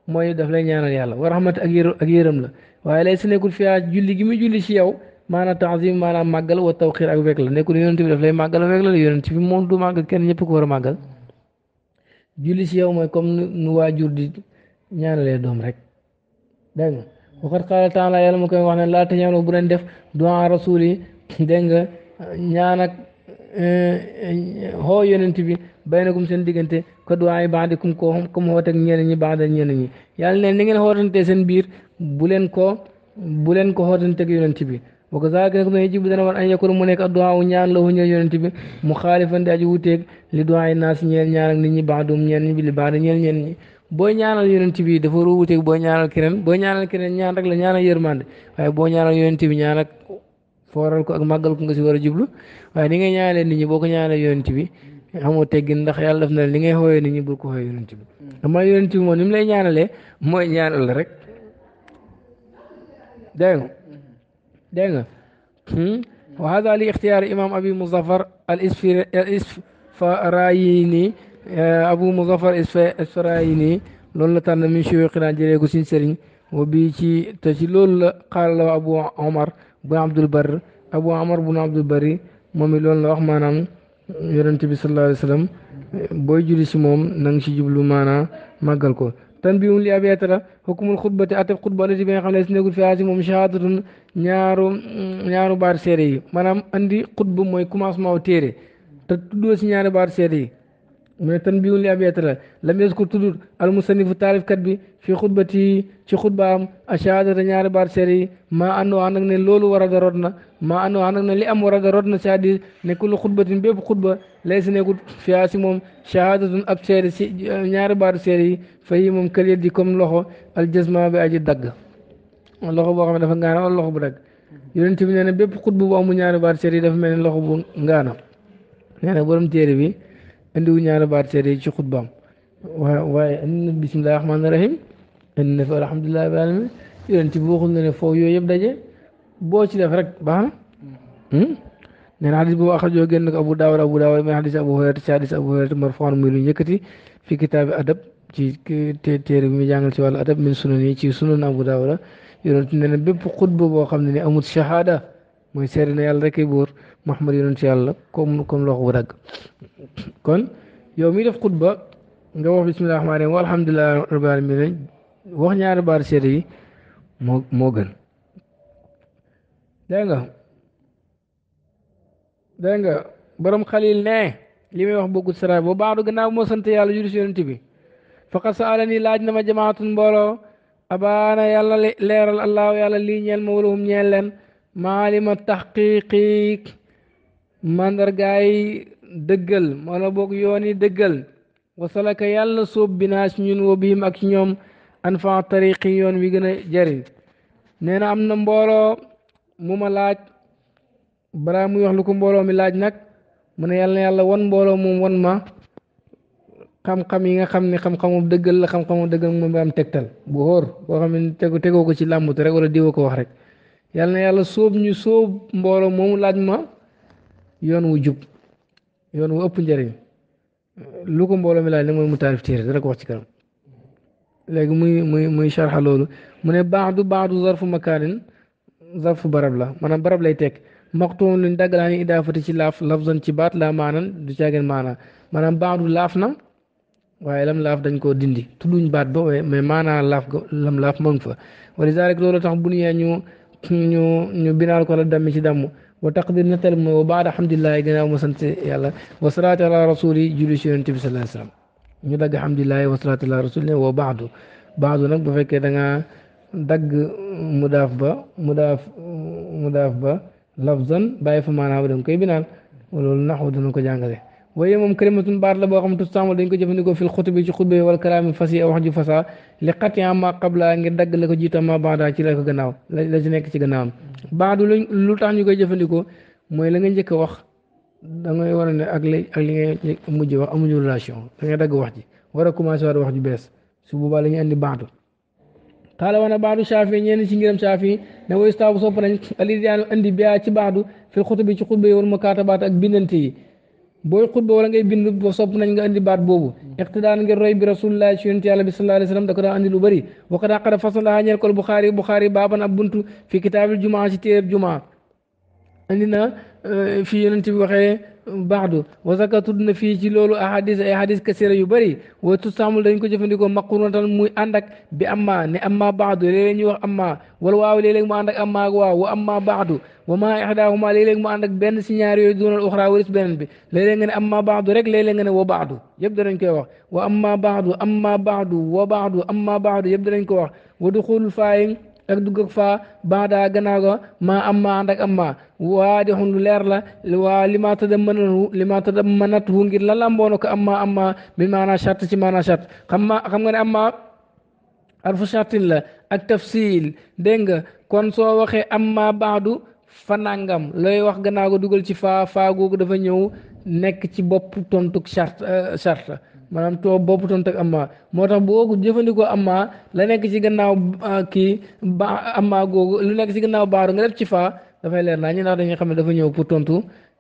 mooy daf lay ñaanal yàlla wa rahmat ak yërëm la waaye lay si nekkul fiyaa ah, julli gi muy julli si yow maana tanzim maanaam màggal wa tawxiir ak weg la nekkul yonent bi daf lay màggal weg la yonent bi moom du màggal kenn ñëpp ko war a màggal julli si yow mooy comme nu jur di ñaanalee doom rek dégg nga waxat xaala taala yàlla mu koy wax ne laa tañaanoo bu leen def duwaa rasul yi dégg nga ñaan ak xoo eh, yonent bi bay na kum seen diggante ko duwaa yi baax di kum ko kum xoote ak ñeneen ñi baax da ñeneen ñi yàlla ne ni ngeen xootante seen biir bu leen ko bu leen ko xootante ak bi wa kazalika nag noonu jibu dana war an yakun mu nekk adduwaa ñaan la wu ñeel yonent bi mu xaalifan di aji wuteeg li duwaa yi naas ñeel ñaan ak nit ñi baadum ñeen ñi bi li baada ñeel ñeen ñi booy ñaanal yonent bi dafa ru wuteeg booy ñaanal keneen la boo ñaanal ñaan ak fooral ko ak war a jublu waaye nit ñi boo ko ñaanalee yonent bi amoo teggin ndax yàlla def na li nit ñi bul ko xooyee yonent bi mm. ama yonent bi moom ni mu lay ñaanalee mooy ñaanal rek دقيقة وهذا لاختيار إمام أبي مظفر الإسفرايني آه، أبو مظفر الإسفرايني لون لتان من شيوخنا جريق سنسرين وبيتي تجلول قال له أبو عمر بن عبد البر أبو عمر بن عبد البري مامي لون لو أخمانا يرنتبي صلى الله عليه وسلم بوي جلسي موم نانشي جبلو مانا مغلقو tanbihun li abi atala xukumul xutbati atab xutba alati bi nga xam ne si nekkul fi aasi moom shahaadatun ñaaru ñaaru baat seede yi maanaam andi xutba mooy commencement wu téere te tuddoo si ñaari baat seede yi mu ne tanbihun li abi atala lam yaskur tuddut al musannifu taalifkat bi fi xutbati ci xutbaam ashahadata ñaari baat seede yi maa àndoo ànd ak ne loolu war a daroot na ما أنا عندنا اللي امر رد سادي نكون خطبه بيب خطبه ليس نقول فيها سموم شهاده اب سيري نيار بار سيري فهي موم كلير دي كوم لوخو الجزمه بي اجي دغ لوخو بو خامي دا فغانا لوخو بو دغ يونت أنا نانا بيب خطبه بو امو نيار بار سيري دا فمن لوخو أنا غانا نانا يعني بوروم تيري بي اندو نيار بار سيري شي خطبام و ان بسم الله الرحمن الرحيم ان الحمد لله بالعالمين يونت بو خن نانا فو يويب دجي boo ci def rek baax na hmm? nee na xadis boobu axrajoo génn ko Abu Daawud Abu Daawud min xadis Abu Hurayra ci xadis Abu Hurayra marfuu'an muy lu yëkkati fi kitaabi adab ci téere bi mu jàngal ci wàllu adab min sunan yi ci sunan Abu Daawud yonent nee na bépp xutba boo xam ne ni amul shahada mooy seede na yàlla rek ay buur Muhammad yonent ci yàlla comme comme loxo bu dagg kon yow mi def xutba nga wax bismillahi rahmaani rahiim walhamdulillahi wax ñaari baar seede yi moo moo dégg nga dégg nga borom xalil ne li muy wax bokkut saraay boo baax du gannaaw moo sant yàlla juri si yonent bi faqat saala nii laaj na ma jamaatun mbooloo abaana yàlla leeral allaahu yàlla lii ñeel ma walahum ñeel leen maalima taxqiqiik mandargaay dëggal wala boog yooni dëggal wasalaka yàlla sóob binaa si ñun wa bihim ak ci ñoom anfa tariqi yoon wi gën a jëriñ nee na am na mbooloo mu ma laaj balaa muy wax lu ko mbooloo mi laaj nag mu ne yàlla na yàlla won mbooloo moom wan ma xam-xam yi nga xam ne xam-xamu dëggal la xam-xamu dëggal tegtal bu boo xam ne tegu tegoo ko ci làmbatu rek wala diwa ko wax rek yàlla na yàlla sóob ñu mbooloo moomu laaj ma yoon wu jub yoon wu ëpp njëriñ lu ko mbooloo mi laaj nag mooy mu taarif téere dana ko wax ci kanam léegi muy muy muy sharxa loolu mu ne baax du baax du zarfu makaanin zarfu barab la maanaam barab lay tekk maqtuum luñ dagg laa ni idaafati ci laaf lafzan ci baat laa maanan du caageen maanaa maanaam baadu laaf na waaye lam laaf dañ koo dindi tudduñ baat ba waaye mais maanaa laaf lam laaf ma ngi fa wala daa rek tax bu ñu ñu ñu ñu binaal ko la dammi ci damm wa taqdir nettal mooy wa baada alhamdulilah gannaaw ma sant yàlla wa salaatu ala rasuli julli si yonent bi sallallahu alayhi wa sallam ñu dagg alhamdulilah wa salaatu ala rasuli wa dagg mu mudaaf ba mu mudaaf mudaaf ba lafzan bàyyi fa maanaa ba da nga koy binaal loolu naxu dana ko jàngale waaye moom kalimatun baat la boo xam tustaamal dañ ko jëfandikoo fil xutbi ci xutbe wala kalaami fas yi wax ju fasaa li xat yaa ma qabla ngir dagg la ko jiitam ma a ci la ko gannaaw la ci nekk ci gannaawam baadu lu tax ñu koy jëfandikoo mooy la nga njëkk a wax dangay war a ne ak li ak li ngay mujj wax amuñu relation da ngay dagg wax ji war commencé war wax ju bees su boobaa la ñuy andi baatu xaala wana baadu saafi ñeen ci ngiram saafi ne woy staabu sopp nañ ali daan andi a ci baadu fil xutubi ci xutba yi wala mukaatabaat ak bindante yi booy xutba wala ngay bind sopp nañ nga andi baat boobu iqtidaan ngir roy bi rasulillahi ci yonent yàlla bi sallallahu da ko daan andi lu bëri wa qad qad fasalaa ñeel ko buxaari buxaari baaban ab buntu fi kitaabil jumaa ci téereb jumaa andi eh, fi yonent bi baadu wasakatudna fii ci loolu ahadis ay hadis kasira yu bëri wa tustaamul dañ ko jëfandikoo maqurunatan muy ànd ak bi amma ne amma baadu léeg-léeg ñu wax amma wala waaw léeg-léeg mu ànd ak amma ak waaw wa amma baadu wa maa ihdaahuma léeg-léeg mu ànd ak benn si ñaar yooyu doonal uxraa waris beneen bi léeg-léeg nga ne amma baadu rek léeg-léeg nga ne wa baadu yëpp danañ koy wax wa amma baadu amma baadu wa baadu amma baadu yëpp danañ ko wax wa duxul faayin ak dugg ak faa baadaa gannaaw ga maa amma ànd ak amma waadixun lu leer la waa li maa tadammanatu li maa tadammanatu ngir la lamboono ko amma amma bi maanaa chart ci maanaa chart xam ma xam nga ne amma arfu chartin la ak tafsil dégg nga kon soo waxee amma baadu fa nangam looy wax gannaaw ga dugal ci faa faa googu dafa ñëw nekk ci bopp tontuk chart chart euh, maanaam too bopp tont ak amma moo tax boo ko jëfandikoo amma la nekk ci gannaaw euh, kii ba amma googu lu nekk ci gannaaw baaru nga def ci faa dafay leer naa ñu ndax dañuy xam ne dafa ñëw pour tontu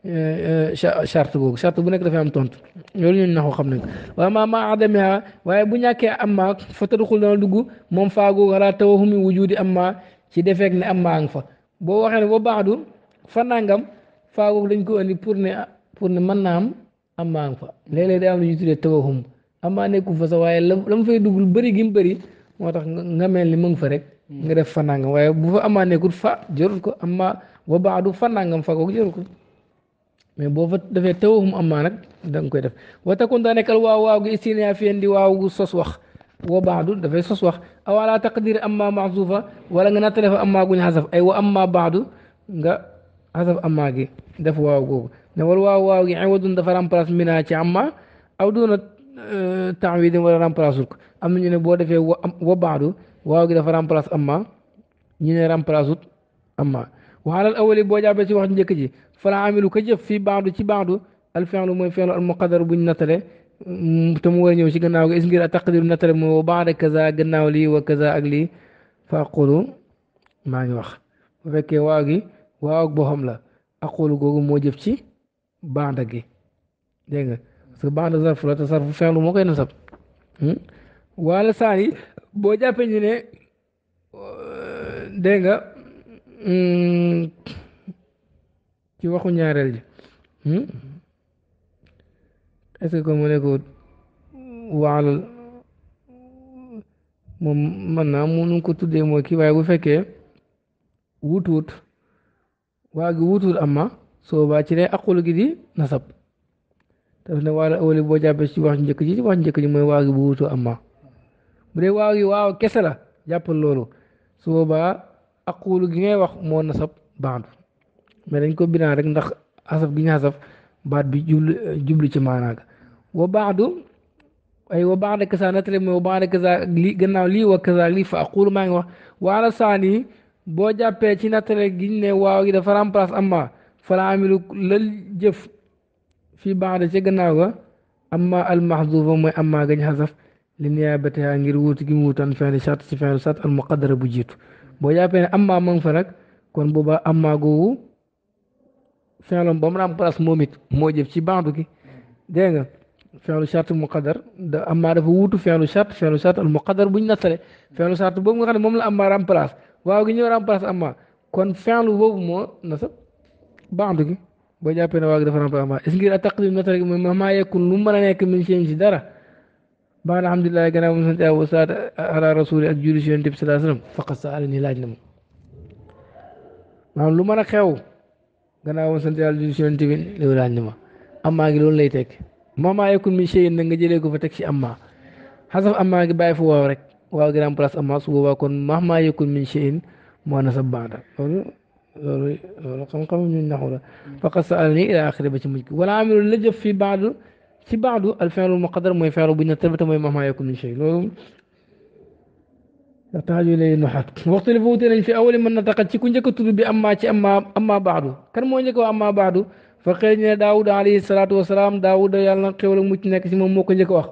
euh, euh, charte bu nekk dafay am tontu loolu ñun naxoo xam nañ waaye maa maa adamiha waaye bu ñàkkee amma fa tadxul dana dugg moom faa googu wala tawahumi wujudi amma ci defeek ne amma a fa boo waxee ne ba baax du fa nangam faa googu ko indi pour ne pour ne mën naa am amma a ngi fa léeg-léeg day am lu ñu tuddee tawahum amma nekku fa sax waaye la mu dugg lu bëri gi mu bëri moo tax nga mel ni mu ngi fa rek nga hmm. def fa nangam waaye bu fa amma nekkul fa jorut ko amma wa baadu fa nangam fa ko jëru ko mais boo fa defee tawahum amma nag da nga koy def wa takun daa nekkal waaw waaw gi istinaa fi indi waaw gu sos wax wa baadu dafay sos wax aw ala taqdir amma maxsuufa wala nga nattale fa amma guñ xasaf ay am maa baadu nga xasaf amma gi def waaw googu ne wal waaw waaw gi ay wadun dafa mi naa ci am amma aw doona euh, taawidin wala remplace ko am na ñu ne boo defee wa baadu waaw gi dafa remplace amma ñu ne waxalal awali boo jàppee ci wax njëkk ji fala amilu ka jëf fii baadu ci baadu alfi'lu mooy fi'lu al muqaddar buñ nattale mm, te mu war a ñëw ci gannaaw gi is ngir a taqdiru nattale mooy wa baada kaza gannaaw lii wa kaza ak lii fa aqulu maa ngi wax bu fekkee waaw gi waaw ak boxam la aqulu googu moo jëf ci baada gi dégg nga parce que baada la te sarfu fi'lu moo koy nasab hmm? wala saani boo jàppee ñu ne euh, dégg Mm, ci waxu ñaareel ji hmm? est ce que comme mu ne ko moom mën naa mu nu ko tuddee mooy kii waaye bu fekkee wutuut waa gi wutuut amma soo baa ci lay aqulu gi di nasab daf ne waalal awali boo jàppee ci wax njëkk ji ci wax njëkk ji mooy waa gi bu wutu amma bu dee waa waaw kese la jàppal loolu soo aquulu gi ngay wax moo nasab baat mais dañ ko binaa rek ndax asaf gi ñu asaf baat bi jublu jublu ci maanaaga wa baadu ay wa baada kasa natale mooy wa baada kasa li gannaaw lii wa kasa lii fa aqulu maa ngi wax waala saani boo jàppee ci natale gi ñu ne waaw gi dafa remplace amma fala amilu lal jëf fi baada ca gannaaw ga amma al mahdufa mooy amma gañ xasaf li niyaabatiha ngir wuuti gi mu wuutan fenn sart ci fenn sart al muqaddara bu jiitu boo jàppee ne amma ma ngi fa nag kon booba amma googu fenlom ba mu am place moom it moo jëf ci bandu gi dee nga fenlu mu muqaddar da amma dafa wuutu fenlu charte fenlu charte al muqaddar bu ñu nattale fenlu charte boobu nga xam ne moom la amma remplace waaw gi ñëw remplace amma kon fenlu boobu moo nasab bandu gi boo jàppee ne waaw gi dafa remplace amma est-ce que taqdim nattale gi mooy ma maa yekkun lu mën a nekk min seen dara بعد الحمد لله كان مسند أبو سعد على رسول الجيل شيئا تبي سلا سلم فقط سألني لا جنم نعم لما ركعوا كان مسند على الجيل شيئا تبي لا جنم أما قالون ليتك ما ما يكون من شيء إنك جيلك فتكشي أما حسب أما باي فوا رك وأجرام براس أما سوى وكون ما ما يكون من شيء نسب بعد لولو لولو قم قم من نحوله فقد سألني إلى آخر بيت ولا عمل اللي في بعض ci baadu al fi'lu muqaddar moy fi'lu bu ñu tëbata moy mahma yakun min shay lolu loolu taxaaju ilay nuxaat waxtu li wuute nañ fi awali man na ci ku ñeeku tuddu bi amma ci amma amma baadu kan mo ñeeku amma baadu fa xeyne daawud alayhi salatu wassalam daawud yàlla na xéwal mucc nekk si moom moo ko njëkk wax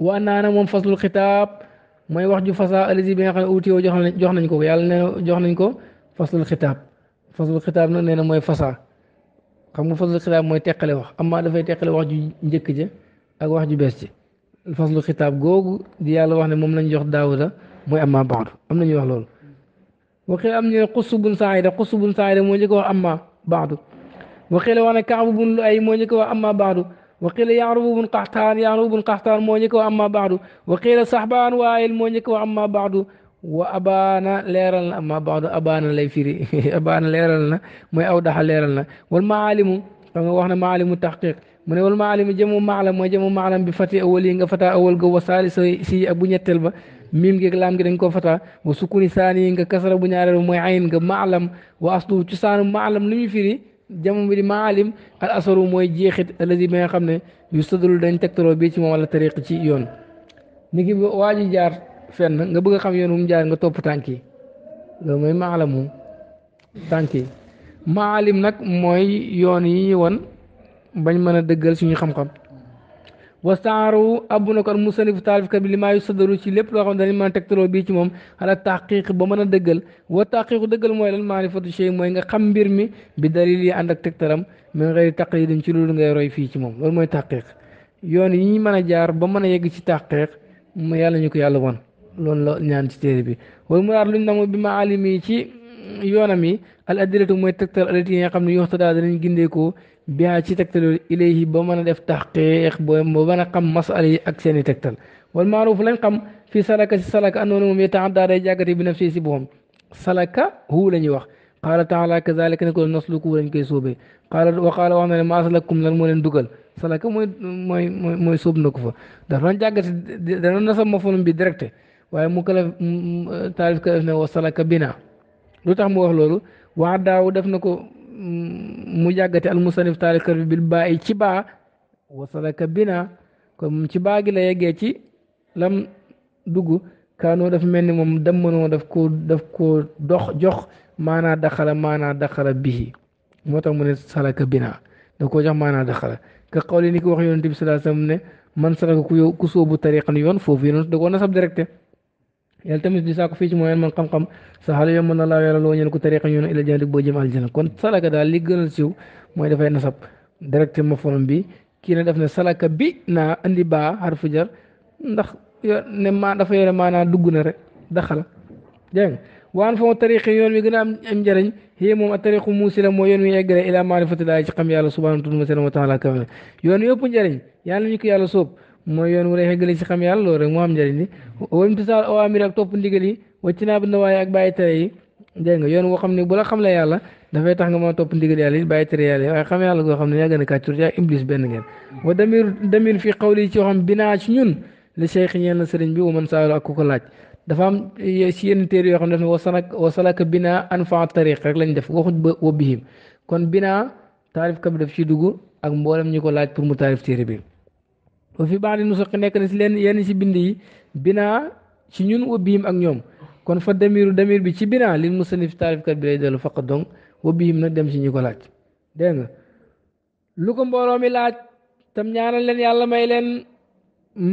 wa naana mom faslul khitab moy wax ju fasa alizi bi nga xam ne uti yow jox nañ ko yàlla nee jox nañ ko faslul khitab faslul khitab na neena moy fasa xam nga faslu xitaab mooy teqale wax amma dafay teqale wax ju njëkk ja ak wax ju bees ci faslu xitaab googu di yàlla wax ne moom lañ jox daawuda mooy amma baadu am nañuy wax loolu waxee am ñu ne xusu bun saayida xusu bun saayida moo njëkk wax amma baadu waxee la wax ne kaabu bun lu ay moo njëkk wax amma baadu waxee la yaarubu bun qaxtaan yaarubu bun qaxtaan moo njëkk wax amma baadu waxee la saxbaan waayil moo njëkk wax amma baadu وأبانا ليرلنا أما بعد أبانا ليفيري أبانا ليرلنا ما أودح ليرلنا والمعالم فما وحنا معالم التحقيق من والمعالم جمع معلم وجمع معلم بفتي أولي إنك فتا أول جو وسال سي سي أبو نتيل با ميم جي كلام جي نكو فتا وسكوني ثاني إنك كسر أبو نيار وما عين إنك معلم وأصله تسان معلم نمي فيري جمع بدي معالم الأسر وما يجيخت الذي ما يخمن يستدل دين تكتر وبيتي ما ولا طريق تي يون نجيب واجي جار fenn nga bëgg a xam yoon wu mu jaar nga topp tànki yi loolu mooy maalamu tànk yi maalim nag mooy yoon yi ñu won bañ mën a dëggal suñu xam-xam wastaaru abbu na ko al musanif taalifkat bi li maa yu sadaru ci lépp loo xam ne dañu mën a tegtaloo bii ci moom ala taqiq ba mën a dëggal wa taqiqu dëggal mooy lan maarifatu shay mooy nga xam mbir mi bi dalil yi ànd ak tegtalam min xëy taqlidin ci loolu ngay roy fii ci moom loolu mooy taqiq yoon yi ñu mën a jaar ba mën a yegg ci taqiq yàlla ñu ko yàlla won loolu la ñaan ci téere bi wal muraad luñ namu bi maalim yi ci yoonam yi al adilatu mooy tegtal alati yi nga xam ne yoxtadaa danañ gindeekoo biaa ci tegtal yooyu ilayhi ba mën a def a xam masala ak seen i tegtal wal maaruuf lañ xam fii salaka si salaka andoona moom yetaaddaa bi nafsi si boppam salaka wax qaala taala kazalika ne ko nasluku lañ koy sóobee qaala wa qaala wax na moo leen mooy mooy mooy ko fa dafa ma fonum bi directe waaye mu kalaf taalif kalaf ne wasalaka bina lu tax mu wax loolu waa daaw def na ko mu jàggate al musanif taalif kalaf bi baa bàyyi ci baa wasalaka bina kon ci baa gi la yeggee ci lam dugg kaanoo dafa mel ni moom dammanoo daf koo daf koo dox jox maanaa daxala maanaa daxala bihi moo tax mu ne salaka bina da koo jox maanaa daxala ka xawli ni ko wax yonent bi sallallahu alayhi ne man salaka ku sóobu tariqan yoon foofu yonent da koo nasab directe yaltamis di saako fii ci mooy man xam-xam sa xale yomb na laa yàlla loo ñeen ko tariqa yoon ila jannati boo jëm aljana kon salaka daal li gënal siiw mooy dafay nasab directement forom bi kii ne def ne salaka bi naa andi baa xarfu jar ndax ne maa dafa yore maanaa dugg na rek daxal dégg waan foo tariqi yoon wi gën a am am njëriñ moom a tariqu muusi la mooy yoon wi eggale ila maarifati laa ci xam yàlla subhanahu wa taala kawe yoon wi ëpp njëriñ yàlla ñu ko yàlla sóob mooy yoon wu lay xeggale ci xam yàlla loolu rek moo am njëriñ li wam tisaal awaamir nga yoon woo xam ne bu xam la yàlla dafay tax nga mën topp ndigal yàlla yi bàyyi tere yàlla yi waaye xam yàlla xam ne a kàccur yaa iblis benn ngeen wa damir damir fii xawli ci waxam binaa ci li cheikh na sëriñ bi wa man saalu ak ko laaj dafa am eh, si yoo xam ne daf ne wasanak wasalaka binaa anfa tariq rek lañ def waxuñ ba wa bihim kon binaa taarif ka def daf ciy dugg ak mboolem ñi ko laaj pour mu taarif téere bi wa fi baax ni nu soqi nekk na si leen yenn si bind yi binaa ci ñun wa biim ak ñoom kon fa damiru damir bi ci binaa lil musannif taarifkat bi lay dellu faqa dong wa biim nag dem si ñu ko laaj dégg lu ko mbooloo mi laaj tam ñaanal leen yàlla may leen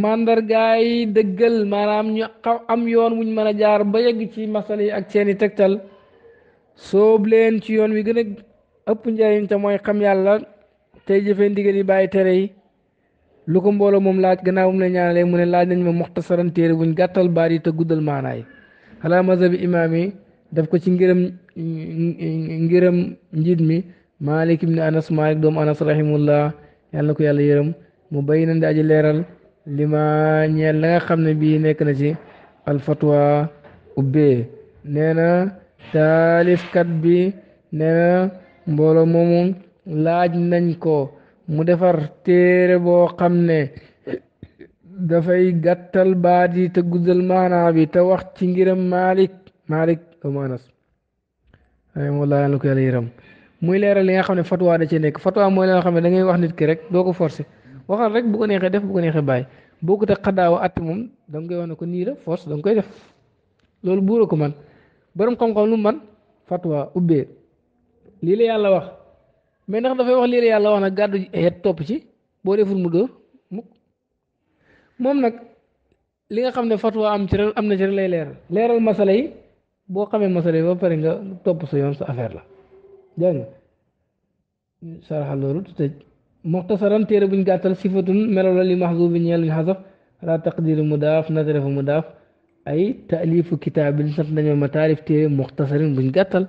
màndargaay dëggal maanaam ñu am yoon wuñ mën a jaar ba yegg ci masal ak seeni tegtal soob leen ci yoon wi gën a ëpp njëriñ te xam yàlla tey jëfee ndigal yi tere yi lu ko mbooloo moom laaj gannaaw moom la ñaanalee mu ne laaj nañ ma muxtasaran téere buñ gàttal baat yi te guddal maanaay xalaa mazhabi imaam yi daf ko ci ngërëm njiit mi malik ibni anas malik doomu anas rahimullah yàlla na ko yàlla yërëm mu bay nañ di aji leeral li ma ñeel la xam ne bii nekk na ci alfatwa ubbee nee na taalifkat bi nee na mbooloo moomu laaj nañ ko mu defar téere boo xam ne dafay gàttal baat yi te guddal maanaa bi te wax ci ngiram Malik Malik doomu ko yàlla yërëm muy leeral li nga xam ne fatwa da ci nekk fatwa mooy la nga xam ne da ngay wax nit ki rek doo ko forcé waxal rek bu ko neexee def bu ko neexee baay boo ko te xadaawa att moom da nga koy wax ne ko nii la force da nga koy def loolu buura ko man borom xam-xam lu man fatwa ubbee lii la yàlla wax mais ndax dafay wax lii la yàlla wax nag gàddu xeet topp ci boo deful mu dóor mukk moom nag li nga xam ne fatwa am ci am na ci lay leeral leeral masala yi boo xamee masala yi ba pare nga topp sa yoon sa affaire la jàng nga saraxa loolu te tëj muxtasaran téere buñ gàttal sifatun melo la li maxzubi ñeel ñu xasaf ala taqdiru mudaaf nazrefu mudaaf ay taalifu kitaabin sant nañoo ma taarif téere muxtasarin buñ gàttal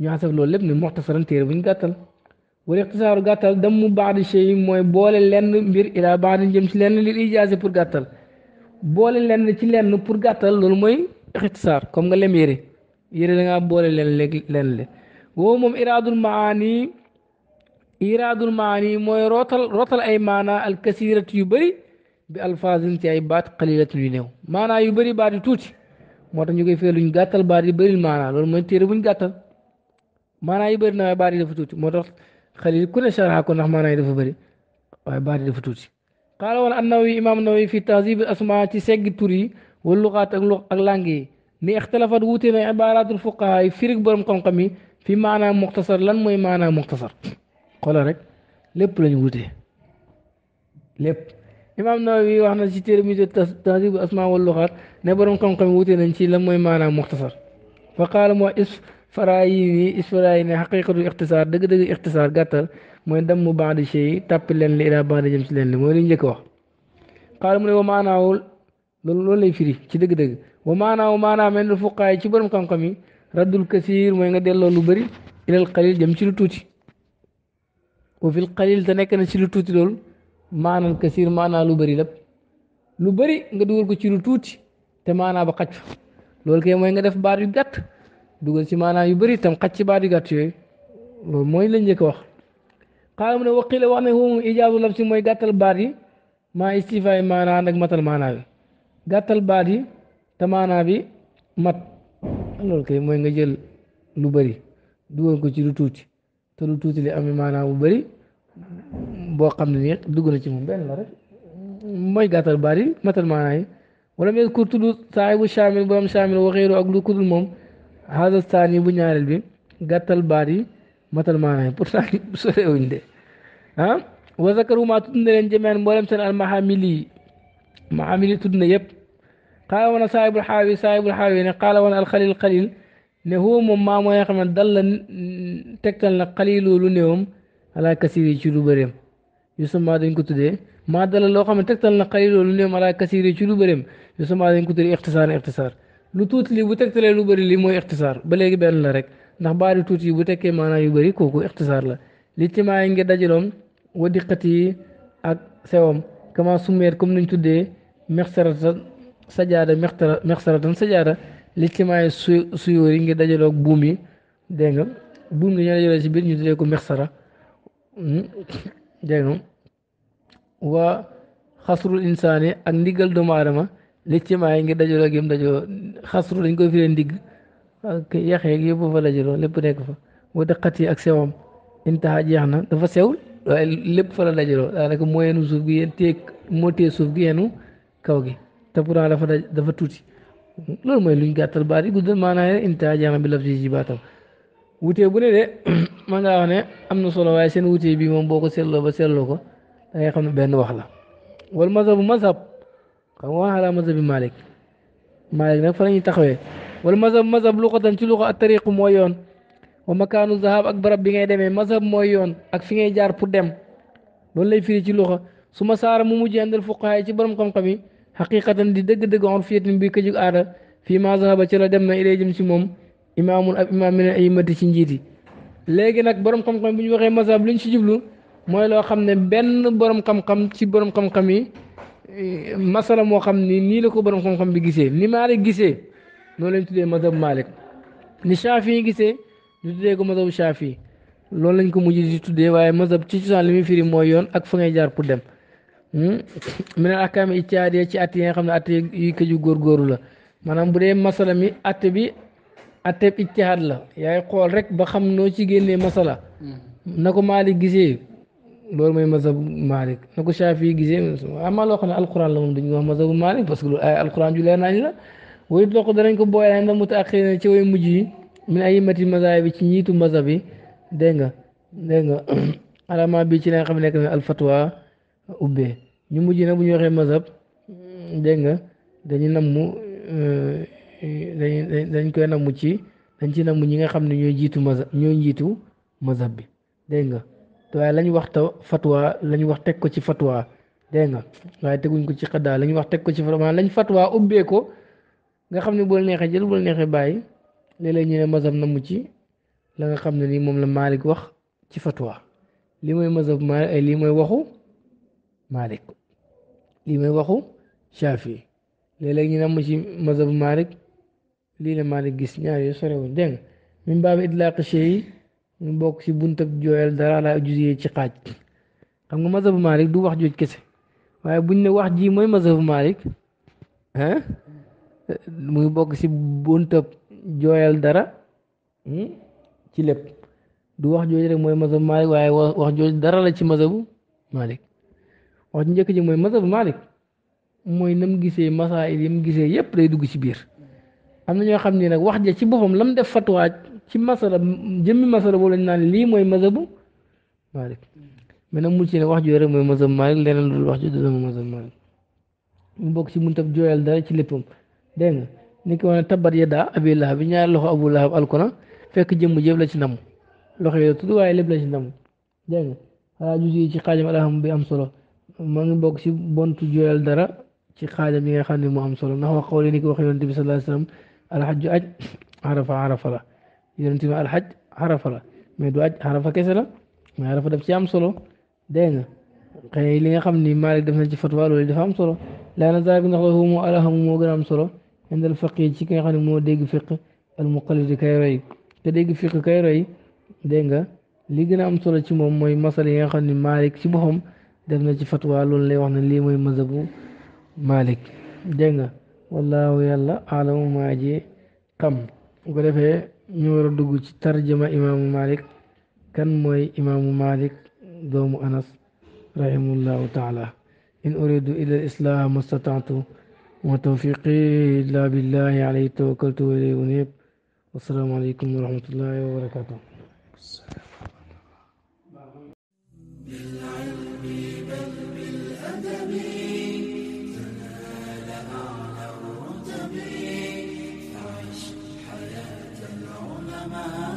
ñu xasaf loolu lépp ne muxtasaran téere bu ñu gàttal wala ixtisaaru gàttal dam mu baax di sey mooy boole lenn mbir daa baax di jëm ci lenn li ijaase pour gàttal boole lenn ci lenn pour gàttal loolu mooy ixtisaar comme nga lem yére yére da ngaa boole lenn léegi lenn le woo moom iraadul maani iraadul maani mooy rootal rootal ay maana al kasirat yu bëri bi alfaasin ci ay baat xalilatun yu néew maanaa yu bëri baat yu tuuti moo tax ñu koy fee luñ gàttal baat yu bëri maana loolu mooy téere buñ gàttal maanaa yu bëri na waaye baat yi dafa tuuti moo tax xalil ku ne sharha ko ndax maanaa dafa bëri waaye baat yi dafa tuuti qaala woon annawi imaam nawawi fi tahzib asma ci seggi tur yi wal luxaat ak lu ak langue yi ni ixtilafat wuute na ibaaratul fuqaha yi firig borom xam-xam yi fi maanaa muxtasar lan mooy maanaa muxtasar xoolal rek lépp lañu wutee lépp imaam nawawi wax na ci téere mi de tahzib asma wal luxaat ne borom xam-xam yi wutee nañ ci lan mooy maanaa muxtasar fa qaala moo is faraayi wi isfaraay ne xaqiqatu ixtisaar dëgg-dëgg ixtisaar gàttal mooy dem mu baax di chey tàppi leen li ilaa baax di jëm si leen li mooy li njëkk wax xaal mu ne wa maanaawul loolu loolu lay firi ci dëgg-dëgg wa maanaawu maanaa mel ni ci borom xam-xam yi raddul kasiir mooy nga delloo lu bëri ilal qalil jëm ci lu tuuti wa fil qalil te nekk na ci lu tuuti loolu maanal kasiir maanaa lu bëri lépp lu bëri nga dugal ko ci lu tuuti te maanaa ba xaj fa loolu nga def baat dugal ci maanaam yu bëri itam xaj ci baati gàtt yooyu loolu mooy la njëkk wax xaaral mu wax ne moom ijaabu laf si mooy gàttal baat yi maa istifaay maanaa nag matal maanaa bi gàttal te maanaa bi mat loolu kay mooy nga jël lu bëri dugal ko ci lu tuuti lu tuuti li am bu bëri boo xam ne nii dugg na ci moom benn la rek mooy gàttal baat yi matal maanaa yi wala mais ku tudd saahibu saamil borom saamil ak lu kudul moom hada saani bu ñaareel bi gàttal baat yi matal maanaam pourtant sorewuñ de ah wa zakaru maa tudd na leen jëmeen mboolem seen almahamili mahamili tudd na yëpp qaala woon saahibul xaawi saahibul xaawi ne qaala woon alxalil xalil ne huwa moom maa mooy xam ne dal la tegtal na xalilu lu néewam ala kasiri ci lu bëreem yusamma dañ ko tuddee maa dal loo xam ne tegtal na xalilu lu néewam ala kasiri ci lu bëreem yusamma dañ ko tuddee ixtisaar ixtisaar lu tuuti li bu tegtalee lu bëri lii mooy ixtisaar ba léegi benn la rek ndax baari tuuti yi bu tekkee maanaa yu bëri kooku ixtisaar la lii ci maay ngi dajaloom wa diqat yi ak sewam kama sumeer comme nañ tuddee mexsaratan sajaada mexsaratan sajaada li ci maay su suyóor yi ngi dajaloog buum yi dégg nga buum yi ñoo dajaloo ci biir ñu tuddee ko mexsara hmm? dégg nga wa xasrul insaani ak ndigal doomu aadama yi ngi dajaloo gim dajaloo xasru dañ koy firee ndigg yaxeeg yëpp fa dajaloo lépp nekk fa wa dëqat yi ak sewam intaha jeex na dafa sew waaye lépp fa la dajaloo daanaka moo yeenu suuf gi yéen téeg moo téye suuf gi yeenu kaw gi te pourtant dafa dafa tuuti loolu mooy luñ gàttal baat yi guddal maanaam intaha jeex na bi laf si ci baatam wutee bu ne de man ngaa wax ne am na solo waaye seen wutee bii moom boo ko seetloo ba seetloo ko da ngay xam ne benn wax la wa xam bi ala mazhabi Malik Malik nag fa la ñuy taxawee wala mazhab mazhab luqatan ci luqa at-tariq mooy yoon wa makaanu zahab ak barab bi ngay demee mazhab mooy yoon ak fi ngay jaar pour dem loolu lay firi ci luqa su ma saara mu mujj àndal fuqahaa yi ci borom xam-xam yi xaqiqatan di dëgg-dëgg on fiyatin bi këjug aada fii ma zahaba ci la dem na ilay jëm ci moom imaamun ab imaam min ay mati ci njiit yi léegi nag borom xam-xam bu ñu waxee mazhab li xam ne benn borom xam-xam ci borom xam yi Eh, masala moo xam ni nii la ko borom xam-xam bi gisee ni Maalik gisee noonu lañ tuddee mazhab Maalik ni Shaafi gisee ñu tuddee ko mazhab Shaafi loolu lañ ko mujj ci tuddee waaye mazhab ci cosaan li muy firi mooy yoon ak fa ngay jaar pour dem hmm? mu ne akaam iccaad ci at yi nga xam ne at yi këju góoru la maanaam bu dee masala mi atte bi atteeb iccaad la yaay xool rek ba xam noo ci génnee masala hmm. na ko Maalik gisee loolu mooy mazhabu Malik na ko Shaafi gisee amaa loo xam ne alquran la moom dañu wax mazhabu Malik parce que loolu ay alquran ju leer la wayut loo ko danañ ko booyee nañ la mutaaxiriin ci way mujj yi min ay mati mazhab bi ci ñiitu mazhab bi dégg nga dégg nga alama bi ci la nga xam nekk na alfatwa ubbee ñu mujj nag bu ñu waxee mazhab dégg nga dañu namm eh, dañ dañ koy namm dañ ci namm ñi nga xam ne ñooy jiitu mazhab ñooy jiitu mazhab bi dégg nga waaye la ñu wax ta fatwa la ñu wax teg ko ci fatwa dégg nga waaye teguñ ko ci xaddaa la ñu wax teg ko ci fatwa maanaam lañ fatwa ubbee ko nga xam ne bool neexee jël bool neexee bàyyi léeg-léeg ñu ne mazhab na mu ci la nga xam ne nii moom la Malik wax ci fatwa li mooy mazhab Malik ay eh, lii mooy waxu Malik lii mooy waxu Shafi léeg-léeg ñu ne mu ci mazhab lii ne Malik gis ñaar yu sorewuñ dégg nga min baabi itlaaqi shay mu bokk ci bunt ak jooyal dara laa juziyee ci xaaj xam nga mazhabu Malik du wax jooj kese waaye buñ ne wax jii mooy mazhabu Malik muy bokk ci bunt dara hmm? ci lépp du wax jooj rek mooy mazhabu Malik waaye wax jooj dara la ci mazhabu Malik wax ji njëkk ji mooy mazhabu Malik mooy nam gisee masaa yi mu gisee yépp day dugg ci biir am na ñoo xam ne nag wax ja ci boppam lam def fatwaaj ci masala jëmmi masala boobu leen naan lii mooy mazhabu Malik mais nag mu ci ne wax jooy rek mooy mazhabu Malik leneen loolu wax jooy dana mooy mazhabu Malik mu bokk ci mun tab dara ci léppam dégg nga ni ko wane abi lahab ñaari loxo abu lahab alkona fekk jëmm jëf la ci loxo tudd waaye lépp la ci dégg nga xalaa ci xaajam bi am solo ngi bokk ci bontu jooyal dara ci xaajam yi nga xam ne mu am solo ndax wax ni ko bi sallallahu alayhi wa sallam aj arafa arafa la يرنت مع الحج عرف له ما دواج عرف كسره ما عرف دفتي أم صلو دينا قيل يا خمني ما لك دفن جفر والو اللي دفهم صلو لا نزاق نخله مو ألهم مو قرام صلو عند الفقيه شكي خلي مو ديق فقه المقلد كي رأي تديق فقه كي رأي دينا أم صلو شمو موي مصر يا خمني مالك شبهم دفن جفر والو اللي وحنا اللي موي مذبو مالك دينا والله يلا أعلم ما أجي كم وقال فيه ñu war a dugg ci tarjama imaamu malik kan mooy imaamu malik doomu anas rahimahullahu taala in uridu ila islam mastata'tu wa tawfiqi illa billahi alayhi tawakkaltu wa ilayhi unib wasalaamu alaykum wa rahmatullahi wa barakatuh بالعلم time.